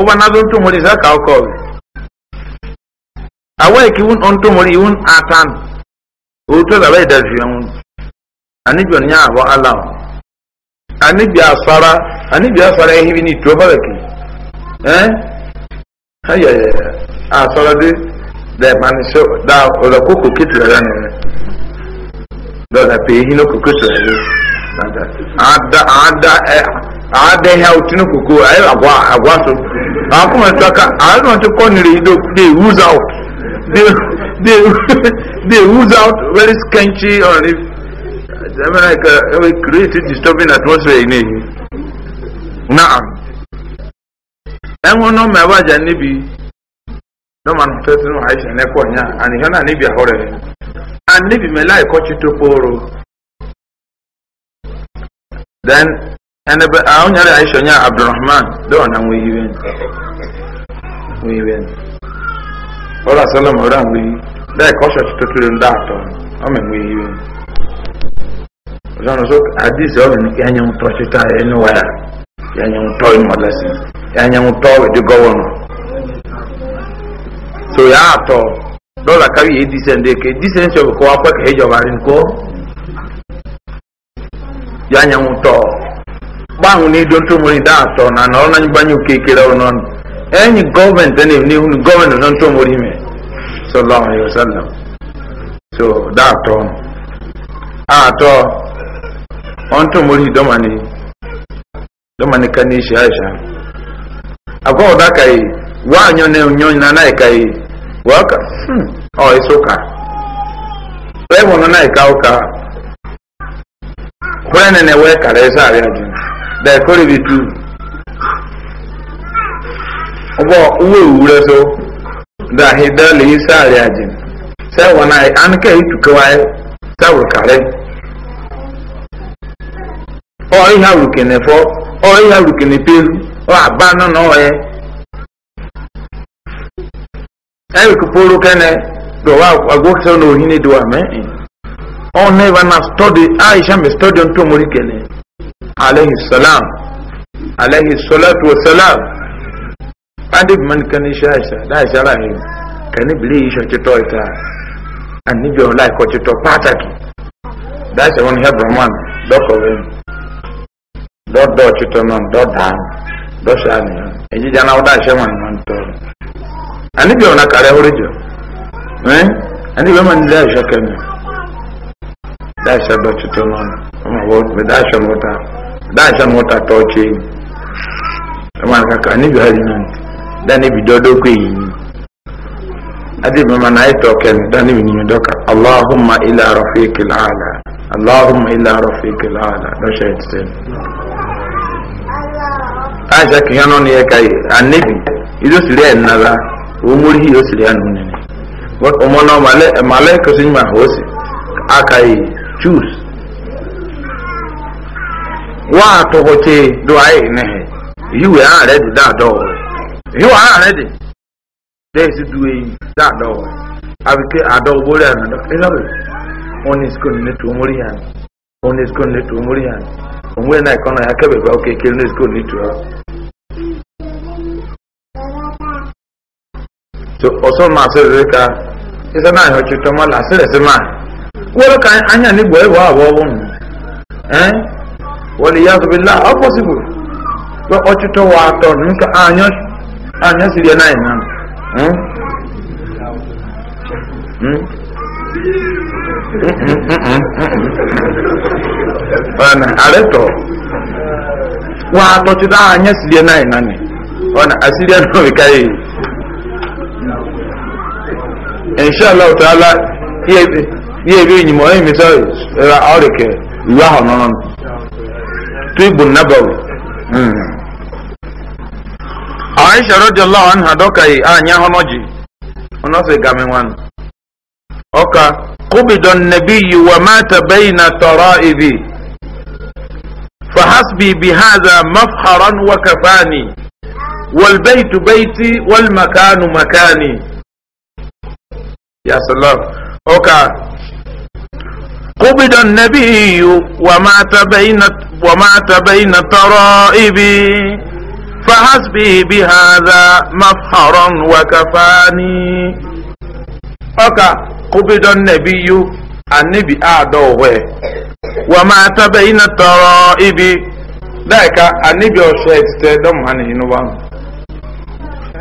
ọba na zo ntomori za ka ọkọ ọbẹ awa eki wun ontomori wun atan otu zaba ida zuye mu anibi onye abọ ala ọ anibi asara anibi asara ehi bi ni tuo bala ki eh ayẹyẹ asara de da mani so da ọlọ koko ketu ẹrẹ ni dọla pe no koko so ẹrẹ ada ada e, ada otinu koko ẹ agwa agwa so. akuma saka i want to corner do they out dey they out very skenchi or if I mean like uh, we create a disturbing atmosphere in it naam ẹnwó náà mẹwàá àjà níbi náà máa ń tẹ́sí náà àìsàn ẹ̀kọ́ ọ̀nyá àníhàn náà níbi àhọ́rẹ̀ and níbi mẹ́lá ẹ̀kọ́ then ɛnɛ bɛ um, a wọn yɛrɛ ayisɔ Abdul Rahman dɔw na ŋun yi wɛn ŋun yi wɛn ɔlɔ sɛlɛm ɔlɔ ŋun yi bɛɛ kɔsɔ ti tutu lɛnu daa tɔ ɔmɛ ŋun yi wɛn ɔsɔn so adiis ɔmɛ nu kí ɛnyɛ ŋutɔ tita ɛnu waya kí ɛnyɛ ŋutɔ so yà á tɔ dɔwla kabi yɛ disɛn de ke disɛn sɔ kó akpɛ kɛ ɛdzɔ wari ŋkó yà gbanwụ na ido ntomori da atọ na na ọrụ anyị gbanye oke ekere ọrụ n'ọnụ enyi gọọmenti e na n'ihu na gọọmenti na ntomori ime sallallahu alaihi wasallam so da atọ atọ ntomori domani domani ka ni shi aisha agwa ọda ka ị wa anyo na onyo na na ka ị wa ka hmm, ọ iso ka ewu na na ka ụka kwere na na-ewe kara eze arịa jụ dẹ̀kọ́rẹ̀ bi tu ọbọ̀ uwe ìwúrẹ́ so dàhídá lèyí sáàrì àjẹ́ sẹ́wọ̀n náà ànkẹ́ e, ìtukẹ́wáyé e, sáwùrù kàrẹ́ ọ ìhà rùkìnì fọ ọ ìhà rùkìnì pẹ̀lú ọ àbá nínú ọ̀yẹ́ ẹ̀rìkì e polo kẹ́nẹ́ dọ̀wọ́ àgbọ̀kẹ́sọ̀ ní òhìn ní ìdíwà mẹ́ ọ náà ìbá na stọ́dì aisha mi stọ́dì ọ̀ntọ́ mọ́rí kẹ́nẹ́. alayhi salam alayhi salatu wa salam adib man kan ni shaisha da shara ne kan ni bile shi to ita annabi on like ko to pataki da shi won hebron man do ko wen do do to non do da do sha ne eji jana o da she man man to annabi on kare horijo eh annabi man da shi kan dasha dọchị tụnọn dasha nwụta dasha nwụta tọọchị ewu ọmọ akaka anyị bịara na dani bido dọkwa eyi adi mama na ayi tọkẹn dani bi dọka allahumma ila rafiq ala allahumma ila rafiq ala dọsha yi tẹ. aisha kìnyẹn náà ni ka yi idosiri ẹ nnara omori ihe osiri ya nù nínú na náà malẹ malẹ kọsí aka choose wa to hote do ai ne you are ready that door you are ready there is doing that door abike ado bore an do elabe on is going to omori on is going to omori on onwe na ikono ya kebe ba okay kill is going to so oso ma se reka isa na ho tomala mala se ma wọ́n ka anya ni gbọ́ ẹ̀wọ̀ àwọ̀ ọ̀wọ̀ ẹ́n wọ́n lè yàtọ̀ bí lá ọ́ pọ́sibù pé ọtútọ́ wà tọ̀ nǹkan àyàn àyàn bí ebi ìyìnbọn ẹ̀yìn mi sọ́ọ́ ẹ̀rọ ọ̀rẹ́kẹ̀ ìwé ahọ̀ nọ́nà tó ìbò nàbàwò. aisha rọ́jò láwọn àná dọ́kà yìí ànyá họ́nà jì ọ̀nà sì gàmí wọn. ọkà kúbìdọ̀ nàbí yìí wà má tàbẹ́yìn nà tọ̀rọ̀ ibi. فحسبي بهذا مفخرا وكفاني والبيت بيتي والمكان مكاني يا سلام اوكي قبض النبي ومات بين ومات بين ترائب فحسبي بهذا مفخرا وكفاني أكا قبض النبي النبي أعدوه ومات بين الترائب ذاك النبي أشهد تدم عن هنوان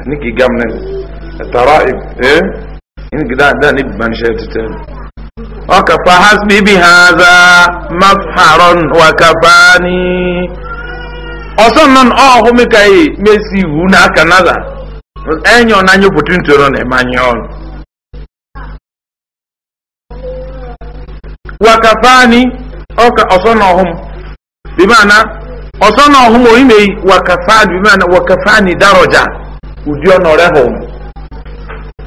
نكي جامن الترائب إيه إنك دا دا نبي من شهد تدم Ọkafa ha asị na ịbị ha agha, mba aro nnụnụ, nwakapaanị. Ọsọọnụ nọ nụ ọrụ ọhụmị ka e mesie iwu na-aka n'aza. Enyo na-anyọpụtara oturu n'emanya ọrụ. Nwakapaanị ọka, ọsọọnụ ọrụ ọhụm. Bimana ọsọọnụ ọhụm orimeyi, bimana wakapa n'ịdara ọjà ụdịọ na ọrịa ọhụrụ.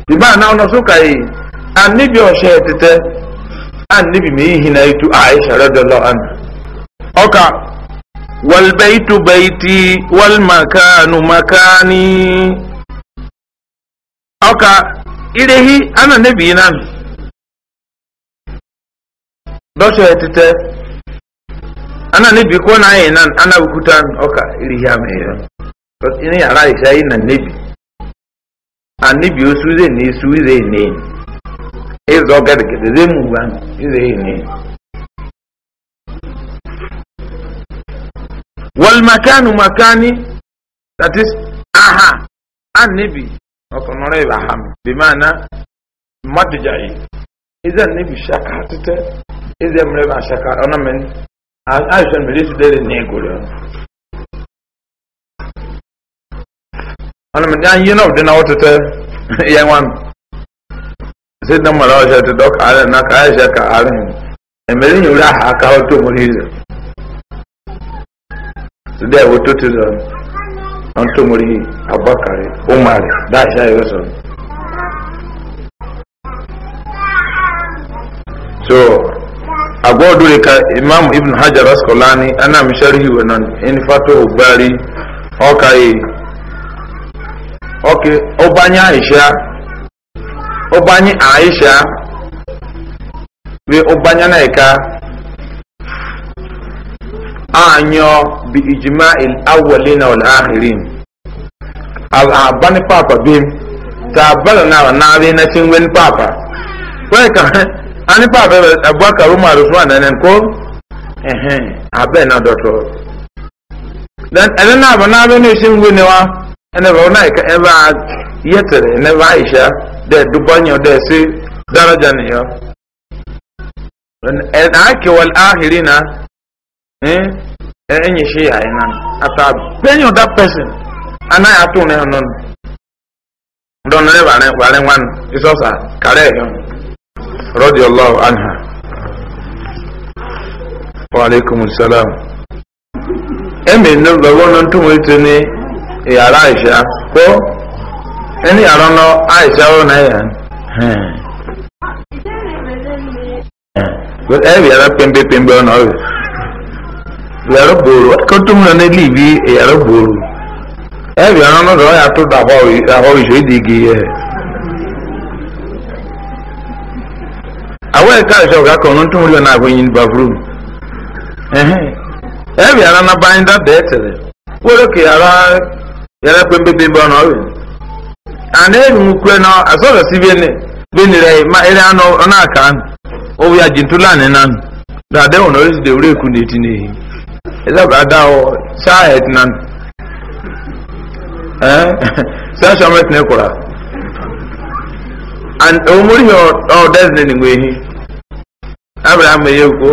Bimana ọ nọ ka e, andi bi ọcha annabi mai hina itu aisha radiyallahu anha oka wal baitu baiti wal makanu makani oka irehi ana nabi nan dosho etete ana nabi ko na yin nan ana bukutan oka irehi ameyo because ini yara aisha yin nan nabi annabi osu zai ne su zai ne zo gẹ̀dẹ̀gẹ̀dẹ̀ zai mu ba zai yi ne wal makanu makani that is aha annabi ọkọ̀ nọrọ ha bí na annabi shaka shaka mmiri dere na na ọdị na ọtụtụ ya nwa sai dan marawa ta dauka ala na ka aisha ka arin emerin yura ha ka wato murizo su da wato to zan an to muri abakare umar da sha yi wasu so agodo ka imam ibn hajar asqalani ana misharhi wa nan in fato bari okay okay obanya aisha ụbanye aisha bi ụbanye na ka anyọ bi ijima il na wal akhirin abani papa bim ta bala na na bi na cin wen papa wai ka ani papa abubakar umar usman na nan ko abe na doto dan ana na ba na bi ne cin wen ne wa ana ba na ka eba yetere ne ba da dubanyo da sai daraja ne yo an ake wal ahirina eh en yi shi yayin nan ata benyo that person ana ya to ne non don ne ba ne ba ne wan isosa kare yo radiyallahu anha wa alaikum assalam emin nan babon nan tumo ite ne yara aisha ko ẹni àrọ lọ àìsí ọrọ náà ẹ bí ara pẹ́ńpẹ́ńpẹ́ ọ̀nà ọ̀rẹ́ yàrá bòrò akọ́tún náà ní líbi yàrá bòrò ẹ bí ara náà lọ́ọ́ yàtọ̀ àwọ̀ ìṣó ìdígi yẹ. àwọn ẹ̀ka ìṣọ̀ ọ̀gá kan ló ń tún wọlé náà àgbẹ̀yìn ní ẹ bí ara náà bá ń dá dẹ́ẹ̀tẹ̀rẹ̀ wọ́n lókè yàrá ọ̀nà ana na no asɔrɔsi bene benire ma ere ọ na aka ano owu ya jintula na nan dade eh? wɔn ɔresi de wura eku n'eti n'ehi ɛsɛ brada wɔ saa ɛt nan ɛɛ saa sɔmɔ ɛt ne kora and omori hɛ ɔdɛs ne ehi. Abịara ama eye ko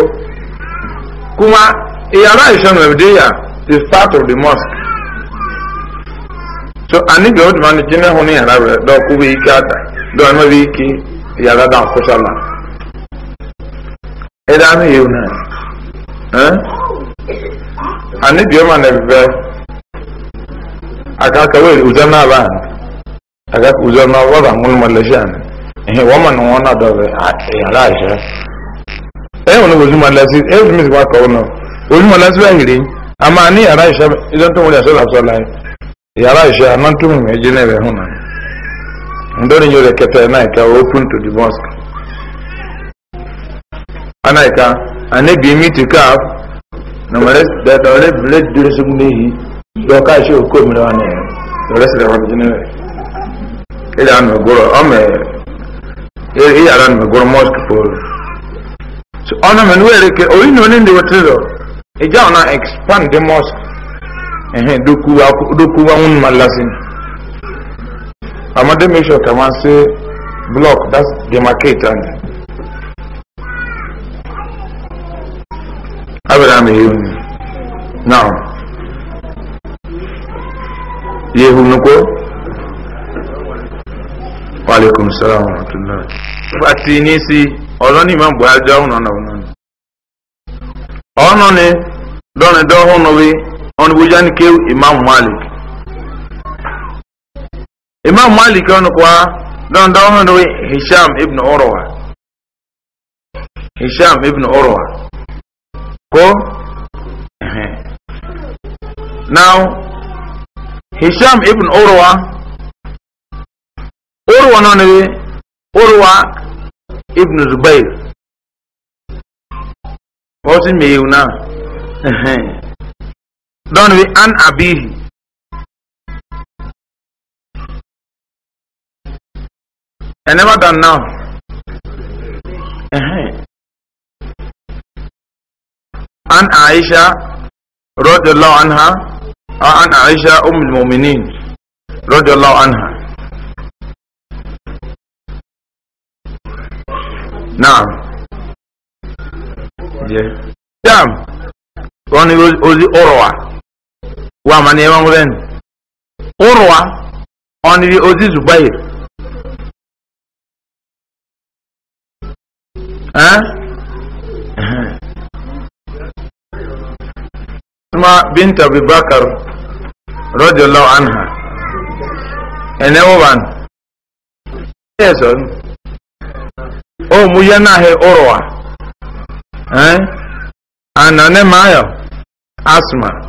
kuma iyara isɔnu ɛbi de ya is part of the mosque. so ani bi o tuma ni jinɛ ho ni yàrá rɛ dɔw k'u b'i k'a ta dɔw ɛmɛ b'i k'i yàrá dàn kóso la e da mi yewu na ɛn ani bi o ma na bɛ a ka kawe uzɔn na ba a ka uzɔn na wala ŋun ma lɛ siyan ɛhɛn wɔn ma na wɔn na dɔ bɛ a yàrá yɛ ɛ wọn wozu ma lɛ si ɛ wozu mi si ma kɔ wɔn na wozu ma lɛ bɛ yiri a ma ni yàrá yɛ sɛ ɛdɔn tó wọlé yɛ sɔ la yɛ yàrá ìṣe anántúmù méjì náà ẹ̀hún náà ndóni yóò rẹ̀ kẹta náà ìka open to the mosque ana ìka anabi mi ti ká nàmọ̀rẹ́ dàtà ọ̀rẹ́ bìlẹ̀ dúró sókún léyìí lọ ká ìṣe òkú mi lọ́wọ́ náà lọ́rẹ́ sì lẹ́wọ́n méjì náà ilẹ̀ àná ògùrọ̀ ọmọ ẹ̀ ilẹ̀ àná ògùrọ̀ mosque fòrò ọ̀nà mẹ́nu wẹ̀rẹ̀ kẹ orí ni oníndìwọ̀tì lọ ìjà ọ̀nà expand the mosque. ehe dokuwa nwun malasin amade make sure kama say block that's demarcate and abraham yehuni now yehuni ko waaleykum salaam wa rahmatulah. àti ní sí ọ̀rọ̀ ní ìmọ̀ buhari jẹ́ ọ̀nà ọ̀nà ọ̀nà ni lọ́rin on wujan kew imam malik imam malik on kwa don don hisham ibn urwa hisham ibn urwa ko now hisham ibn urwa urwa non urwa ibn zubair don wi an abihi I never done now. Uh -huh. An Aisha radiallahu anha or an Aisha Umm al-Mu'minin radiallahu anha. Now, yeah. Damn. One was Ozi Orwa. wa ma na ewan wuren urwa oniri ozi zubair ma bint abi bakar radiyallahu anha ene woban yeso o mu yana he urwa eh ana ne mayo asma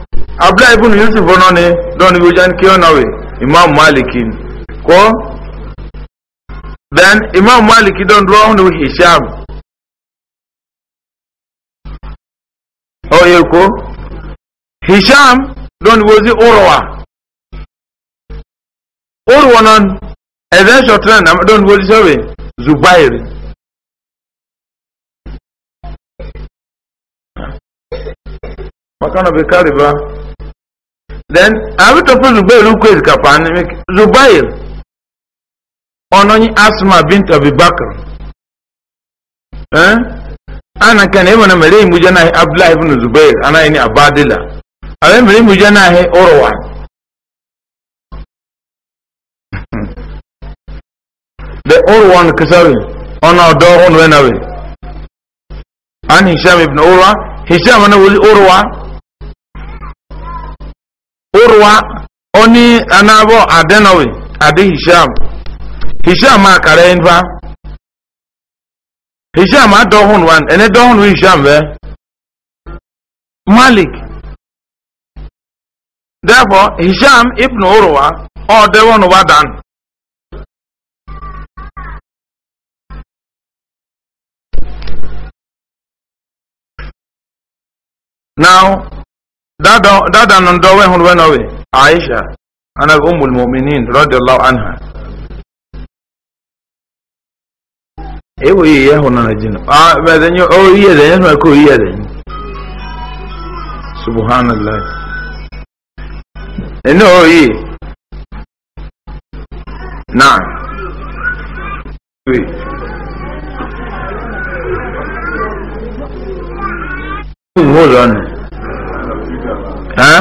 abdullahi ibn yusuf ọ̀nà ni lọ́nà ibi ojú kí ọ̀nà wẹ̀ imam malik kọ́ then imam malik don draw on the hisham ọ̀yẹ̀ kọ́ hisham lọ́nà ibi ojú urwa urwa nan ẹ̀dẹ́ ṣọ̀tún náà lọ́nà ibi ojú sọ́wẹ̀ zubair makana bekari ba then abitopo zubair ukwezi kapani zubair ọnọnyi asma bint abubakar eh ana kan ebe na mere imu jana abdullahi ibn zubair ana ini abadila abe mere imu jana he urwa the urwa kasawi ona odo onu wenawe an hisham ibn urwa hisham ana wuli urwa urwa oni anabo adenawe Adi hisham hisham akara enva hisham adohun wan ene dohun hisham be malik therefore hisham ibn urwa or the one wadan now دا دا دا دا دا عائشة أنا أم المؤمنين رضي الله عنها إيه وإيه يهونا نجينا آه بعدين يو أو إيه دين ماكو إيه دين سبحان الله إنه أو إيه نعم وي هو زانه ها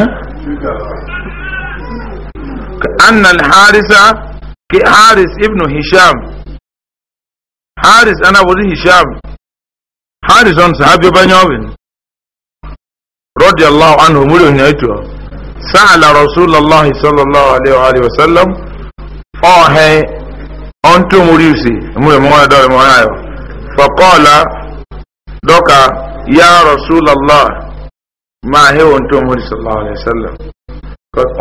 أن كي حارس ابن هشام حارس أنا ولي هشام حارس أن صحابي بن يوبن رضي الله عنه ملوه نيتو سأل رسول الله صلى الله عليه وآله وسلم فاه أنت مريوسي مولي مولي دولي مولي فقال دوكا يا رسول الله máa hẹ́ ohun tó mú ìsọ̀lá ọ̀rẹ́ sẹ́lẹ̀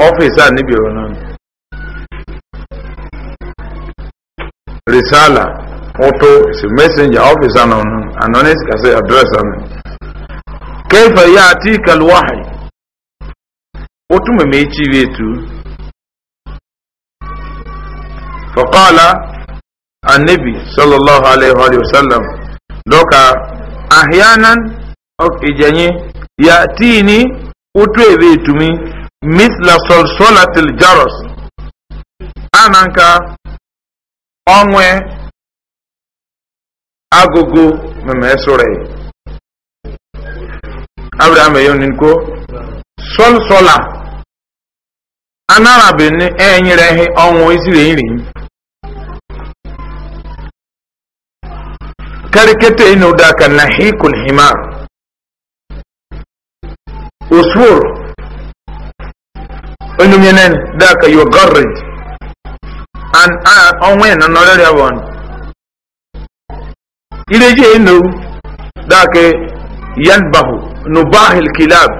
ọ́fíìsì àníbi ọ̀rọ̀ náà ni rìsálà ọ̀tọ̀ sí mẹ́sẹ̀njà ọ́fíìsì àná ọ̀nà anonymous kàṣẹ àdírẹ́sì àná kẹfà yá àti kàlùwáhì ó tún etu. ẹ̀chí ilé ètú fọ̀kọ́ọ̀lá àníbi sọ́lọ́lọ́hu aláìhọ́ àlẹ́ wọ́sálàm yatini utu ebe etumi mithla solsolatil jaros ananka onwe agogo memesore abra ameyo ninko solsola anarabe ni enyere ihe ọnwụ isiri nri karikete inu da ka nahikul himar usfur onum yenen daka yugarrid an a onwe na nolere abon ileje eno daka yanbahu nubahil kilab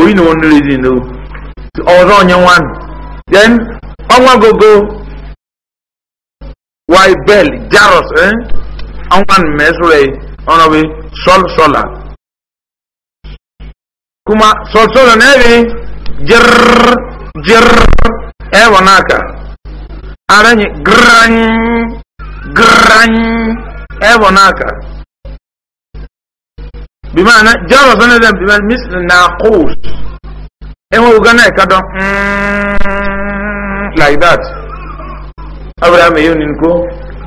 oyinu onulezi no ọzọ onye nwan then ọnwa gogo why bel jaros eh ọnwa mmesure ọnọbi sol solar kuma solsolo nebe jir jir ewa naka aranyi gran gran ewa naka bimana jaro sana da bimana misli naqus ewa ugana ka don like that abra me yoni ko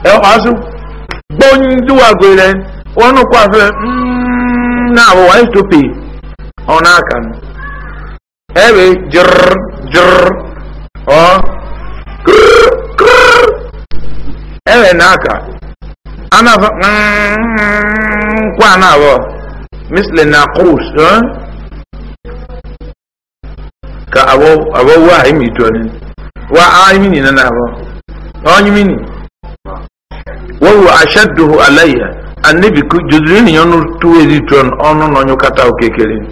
ewa asu bonduwa goilen wonu kwa fe na wo why stupid ọ n'aka m ebe jr jr ọ ebe na-aka. nkwa na abụọ misli na kus ka abụọ a yi mai wa a yi mini na mini wawo a alayya annabi juzirin yanu tuwe zituwan na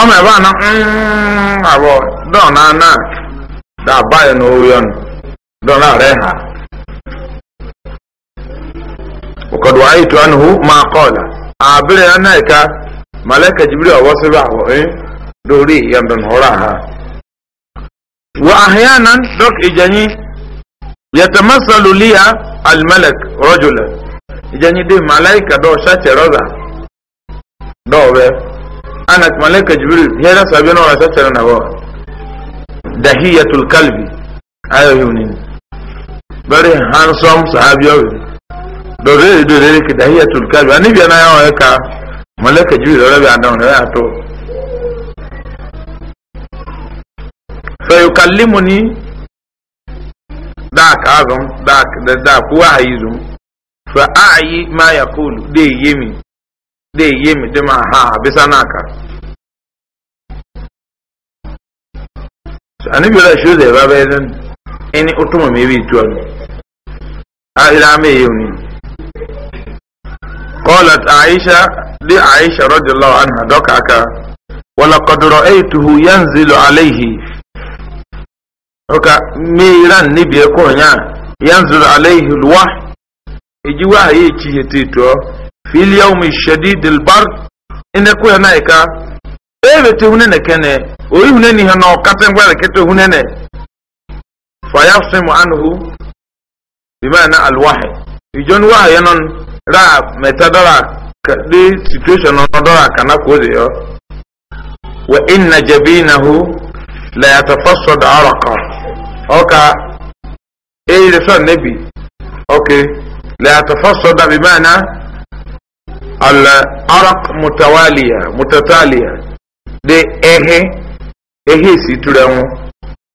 ọmọ ẹ̀bá na àbọ̀ mm, dọ̀ náà náà dà báyìí ní orí ọ̀nà dọ̀ náà rẹ̀ hà. Òkòdù ayé tó ẹnu hù máa kọ́ọ̀là. Àbílẹ̀ yẹn náà ẹ̀ka màlẹ́kà jìbìrì ọ̀wọ́ sí bá àwọ̀ ẹ̀ lórí ìyàndọ̀nà ọ̀rọ̀ àhà. Wà àhìyá náà dọ́k ìjẹ̀yìn yẹtẹmẹsàlù líya alimẹlẹk rọ́jùlẹ̀. Ìjẹ̀yìn dé màlẹ́kà dọ̀ ṣàṣẹ̀rọ̀dà dọ̀ bẹ́ẹ̀. ana malaika jibril hera sabi na wasa tare na bawa dahiyatul kalbi ayo yunin very handsome sahabiyo do re do re ke dahiyatul kalbi ani bi na yawa yaka malaika jibril rabi andan na ya to fa yukallimuni dak azam dak da dak wahayizum fa ayi ma yaqulu de yemi de yi mi de ma ha bisa naka ani bila shi da ba bai nan ini utuma me bi tuwa a ila mai yau ne qalat aisha li aisha radiyallahu anha doka aka wala qad ra'aytuhu yanzilu alayhi oka me ran ni bi ko nya yanzilu alayhi alwah iji wa yi chi hetitu في اليوم الشديد البر ان اكو هناك ايبتي هنا كان وي إيه هنا ني هنا كاتن غير كتو هنا ني فيصم عنه بمعنى الواحد يجون واه ينون را متدرا كدي سيتويشن نودرا كانا كوزي وان جبينه لا يتفسد عرقا اوكا ايه لسان نبي اوكي لا يتفسد بمعنى العرق متوالية متتالية دي إيه إيه سيتلون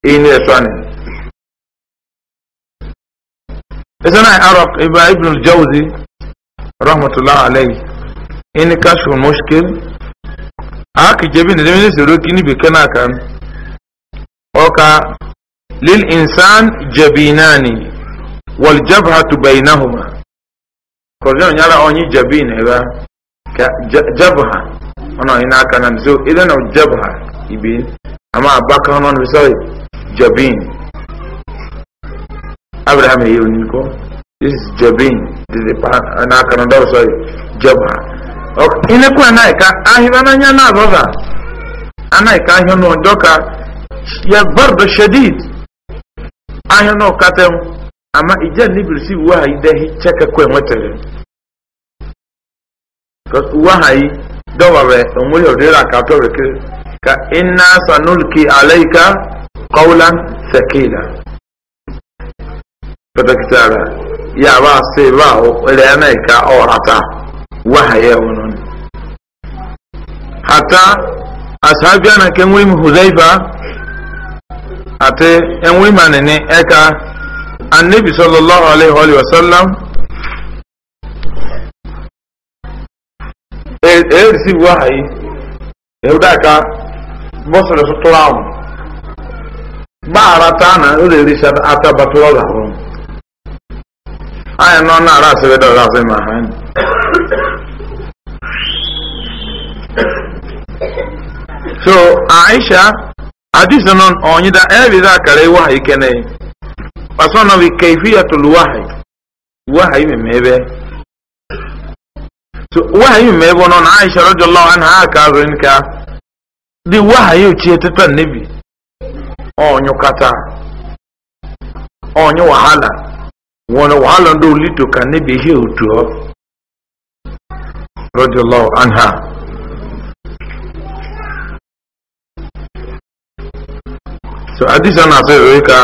إيه يسواني إذن عرق إبا ابن الجوزي رحمة الله عليه إن كشف المشكل أك آه، جبين لمن سلوكيني بكنا كان أوكا للإنسان جبينان والجبهة بينهما kọjọ nyara onye jabin ebe ka jabha ọnụ onye n'aka na so. ịdị na jabha ibi ama abaka ọnụ ọnụ sọrọ jabin abraham eyi onye ko this is jabin this is n'aka na ndọrọ sọrọ jabha ịnekwu anaghịka ahịrị n'anya na-azọza anaghịka ahịa n'ọjọ ka ya bardo shadid ahịa n'ọkatem ama ije n'ibirisi uwe ha ide hicha kakwe nwetere because wahayi dɔwɔrɛ omuli odira katɔri ke ka ina sanulki alayka kɔwlan sakila pɛtɛkitara yaba seba o ɛlɛɛna yi ka ɔrata wahayi ɛwɔnɔn hata asabiana ke ŋmuli mu huzaifa ate ɛŋmuli ma eka ɛka anabi sallallahu alayhi wa sallam. e receive wahayi ewu da ka bọ́sọ̀ rẹ̀ tuntun ahùn bá ara ta na ó lè rí ṣe atábàtú ọ̀rọ̀ àwọn ayé náà náà ara àṣẹwé dọ̀rọ̀ so aisha hadith nan onyi da ebi eh, za kare wahayi kene wasu na bi kaifiyatul wahayi wahayi mai mebe so wahayi mai bono na aisha radiyallahu anha aka azin ka di wahayi ce ta tan nabi onyo kata onyo wahala wani wahala ndo lito ka nabi he otu radiyallahu anha so hadisa na sai ka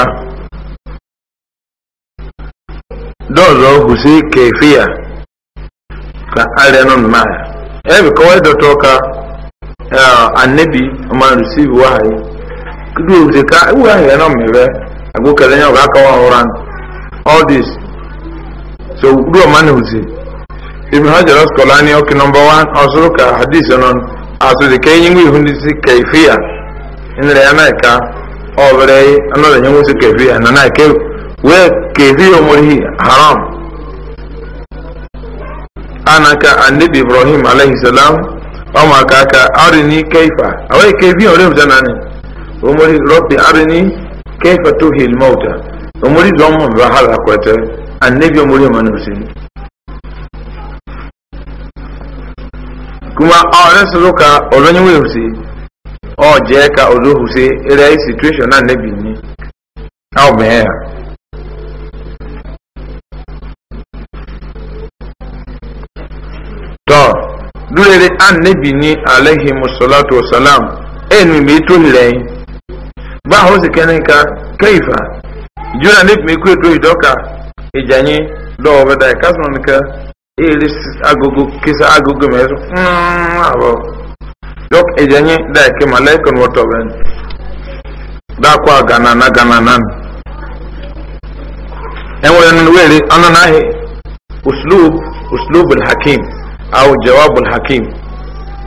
dozo husi kefiya ka arịa nọ n'ahịa ebe kọwa ọ ọka annabi ma receive wahayi kudu ka iwu ya nọ mmebe agwụkere ya ọga akọwa ụra all this so kudu ọma na ibi ha jere skọla ni ọkụ nọmba ọsụrụ ka hadis nọ asụsụ ka enyi nwa ihu ndị si kaifia ya ka ọ na nwa si na na ke wee kaifia haram ka annabi ibrahim alaihi salam ọmọ aka arini kaifa awon ike bi ọrẹ ọjọ naanị omori rọbi arini kaifa to hil mọta omori zọ mọ bá hàlà kwẹtẹ annabi ọmọ kuma ọrịa sọrọ ka ọlọnyẹwò ka ọdọ ni. dulere annabi ni alaihi musalatu wasalam eni mi to hirai ba ho se kenen ka kaifa jura ne mi kwe to idoka ijanye do ba da ka sun ka ili agogo kisa agogo me so abo dok ijanye da ke malaikan wato ben da kwa gana na gana nan en wayan wele anana he uslub uslub hakim au jawabul hakim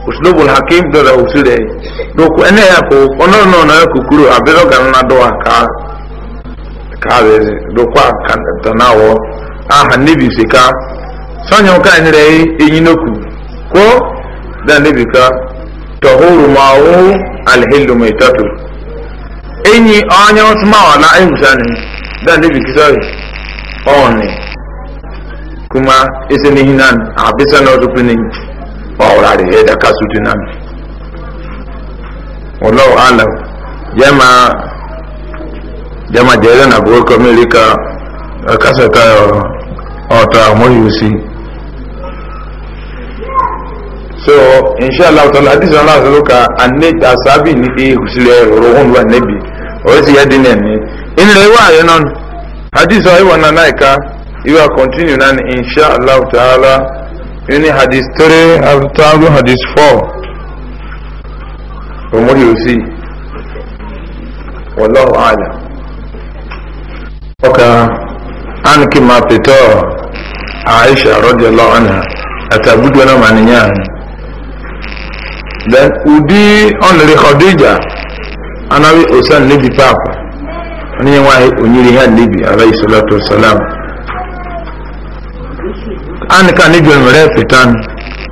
uslubul hakim do da usule do ku ene ya ko ono no na ku kuro abiro gan na do aka ka be do kwa kan tanawo aha nibi sika sanyo ka ni re enyinoku ko da nibi ka tahuru ma'u alhillu maitatu enyi onyo sma wala ayusani da nibi kisai oni kuma ese ni hinan abisa na otu pinin ọwụra da ya e da kasu tunan wallahu alam jama jama jere na buwar kamilika a kasa ta ọta muhimmanci so inshallah ta hadisi ala ta luka annabi asabi ni e husile rohun wa nabi o si yadin ne in lewa yanon hadisi ayi wannan naika you are continuing and inshallah ta'ala you need hadith 3 after hadith four. from what you see wallahu a'lam okay an kima fito aisha radiyallahu anha atabudu na maninya then udi on the khadija anawi usan nabi papa ni wa onyiri ha nabi alayhi salatu wassalam an ka ni jɔn wɛrɛ fitan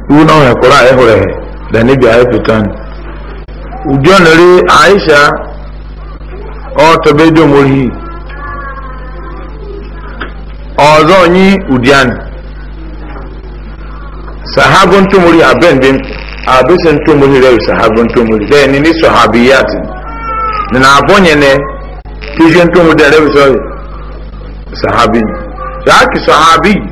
wuna wɛ kura e hore da ni bi ayi fitan u jɔn ri aisha ɔ tobe jɔn mori ɔzɔ nyi udian sahabon tomori abɛn bi abesan tomori rɛ sahabon tomori dɛ ni ni sahabiyati nana abɔ nyɛnɛ tisɛn tomori dɛ rɛ bi sɔrɔ sahabi saaki sahabi.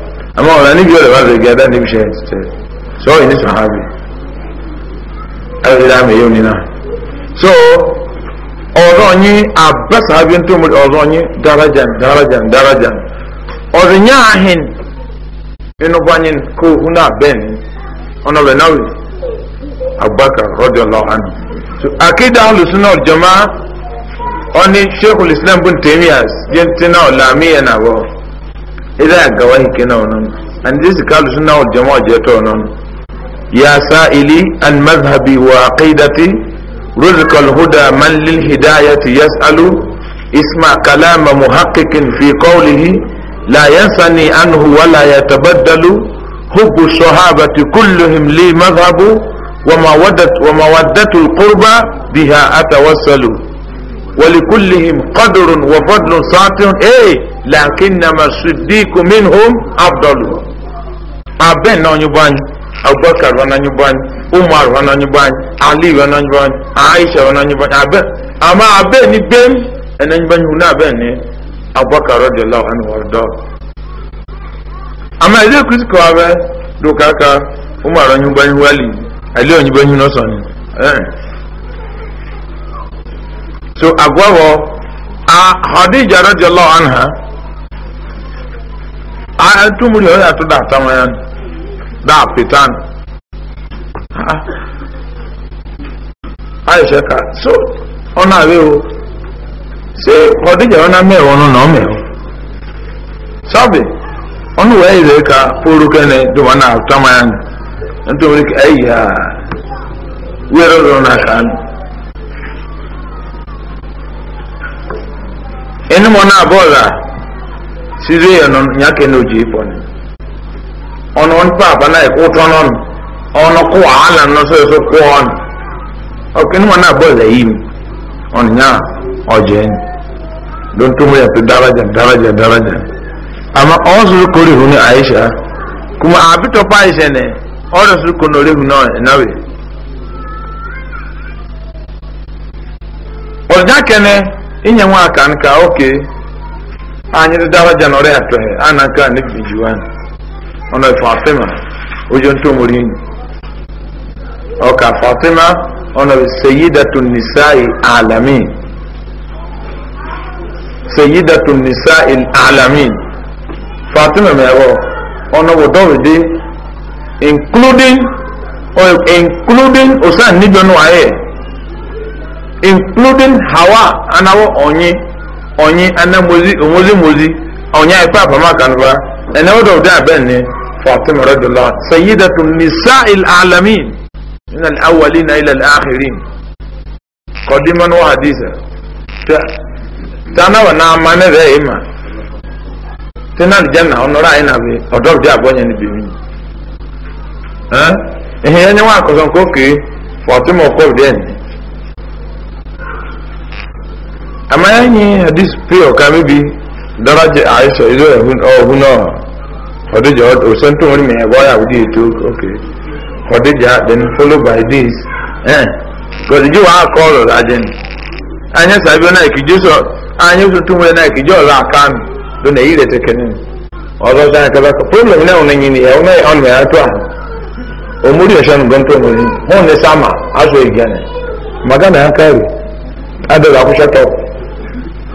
àmọ́ ọ̀rọ̀ níbi ọ̀rọ̀ bá fi gẹ́ ẹ̀dá níbi ṣe ẹ̀ sọ ìní sàhábì ẹ̀rọ ìdáàmì yóò nínà so ọ̀rọ̀ yín àbẹ́sàábí tó mú ọ̀rọ̀ yín darajan darajan darajan ọ̀rọ̀ yín àhìn inú báyìí kó húnà bẹ́ẹ̀ ni ọ̀nà rẹ̀ náà wì abubakar rọ́jò lọ́hánù so akéde alùsùn náà jọmọ́ ọ ní sheikh islam bin tèmíyàs jẹ́ ti náà làmìyàn náà إذا قواه كنون أن ذلك قالوا سنة والجماعة جاتون يا سائلي أن مذهبي وعقيدتي رزق الهدى من للهداية يسأل اسمع كلام محقق في قوله لا ينسني عنه ولا يتبدل حب الصحابة كلهم لي مذهب ومودة, ومودة القربى بها أتوسل ولكلهم قدر وفضل ساطع إيه lakinnama sidiku minhum abdulu abin na onye bụ anyị abubakar wana onye bụ anyị umar wana onye bụ anyị ali wana onye bụ anyị aisha wana onye bụ anyị abin ama abin ni bem ẹni onye bụ anyị hụna abin ni abubakar radiyallahu anhu warda ama ile kristi kọ abẹ do kaka umar onye bụ anyị wali ali onye bụ anyị n'ọsọ ni so agwawọ a hadija radiyallahu anha a tumuri ọ yàtọ̀ dà àtàwọn ya dà pẹ̀tàn a Ha ka so ọ̀nà àwẹ̀ o ṣé ọ̀díjà ọ̀nà mẹ́wọ̀n nù nà mẹ́wọ̀n sábẹ̀ ọ̀nà ka fóró kẹ́nẹ̀ dùn na náà àtàwọn ya nítorí ẹ̀yẹ a wíyẹ̀rọ̀ lọ́nà àkàánù. ẹni size yɛ nɔn nya kɛ e n'o jii na yɛ ɔnɔ kó kó bɔ nya ni don yɛ pé daraja daraja daraja ama ɔn soso kori hu ni aisha kuma abitɔ pa aisha nɛ ɔdɔ soso konore hu náà ɛnáwé ɔdza kɛnɛ ìnyɛ wọn anyi da dawa jan ore ato he ana ka ne bi juwan ona fatima ojo nto muri o ka fatima ona sayyidatun nisa'i alamin sayyidatun nisa'i alamin fatima me wo ona wo including including osan ni bonu aye including hawa anawo onye onye anamozi omozi mozi onye ipa apama kanva ene odo da benne fatima radhiyallahu sayyidatu nisa'il alamin min al-awwalin ila al-akhirin qadiman wa hadisa tana wa na amane re ima tana aljanna onora ina be odo da bonye ni bimi eh ehe ene wa ko son ko ke fatima ko den amma ya nye hadis uh, fiye ka mibi daraja aisha izo ya hun o hodija o santo wani mai yabo ya to ok hodija then follow by this eh because ji wa call or agent anya sabi na ikije so anya so tumu na ikije o la kan do na ile tekenin ọzọ dan ka ka problem na onan yin ya onan on me atwa oh, o oh, muri ya shan gonto mo ni oh, mo ne sama aso igane magana ya kare adara ku tọpụ.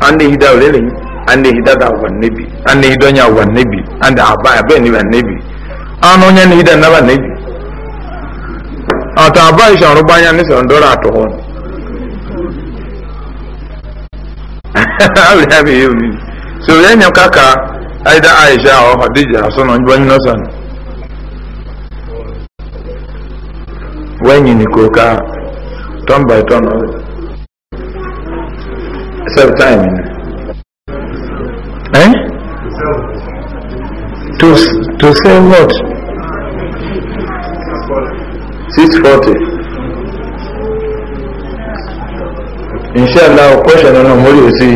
an da hida wale ne an da hida nebi, wannabi an da hidonya wannabi an da aba abe ni nebi. an onye na hida na wannabi ata aba isha ọrụ gbanya ni sọrọ ndọrọ atọ hụ abiri abiri yi omi so ya nyam kaka aida aisha ọ hadija asọ na onye onye nọsọ ni wẹ́yìn ni kò ká turn by self time ni eh to to sell what six forty inshallah question na mo yoo si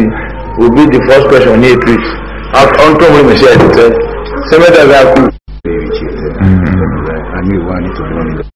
will be the first question ní ètò yìí on tó mo ṣe ẹ̀ tẹ́ sẹ́mẹ́tà bá kú. àmì ìwà nítorí wọn nílò.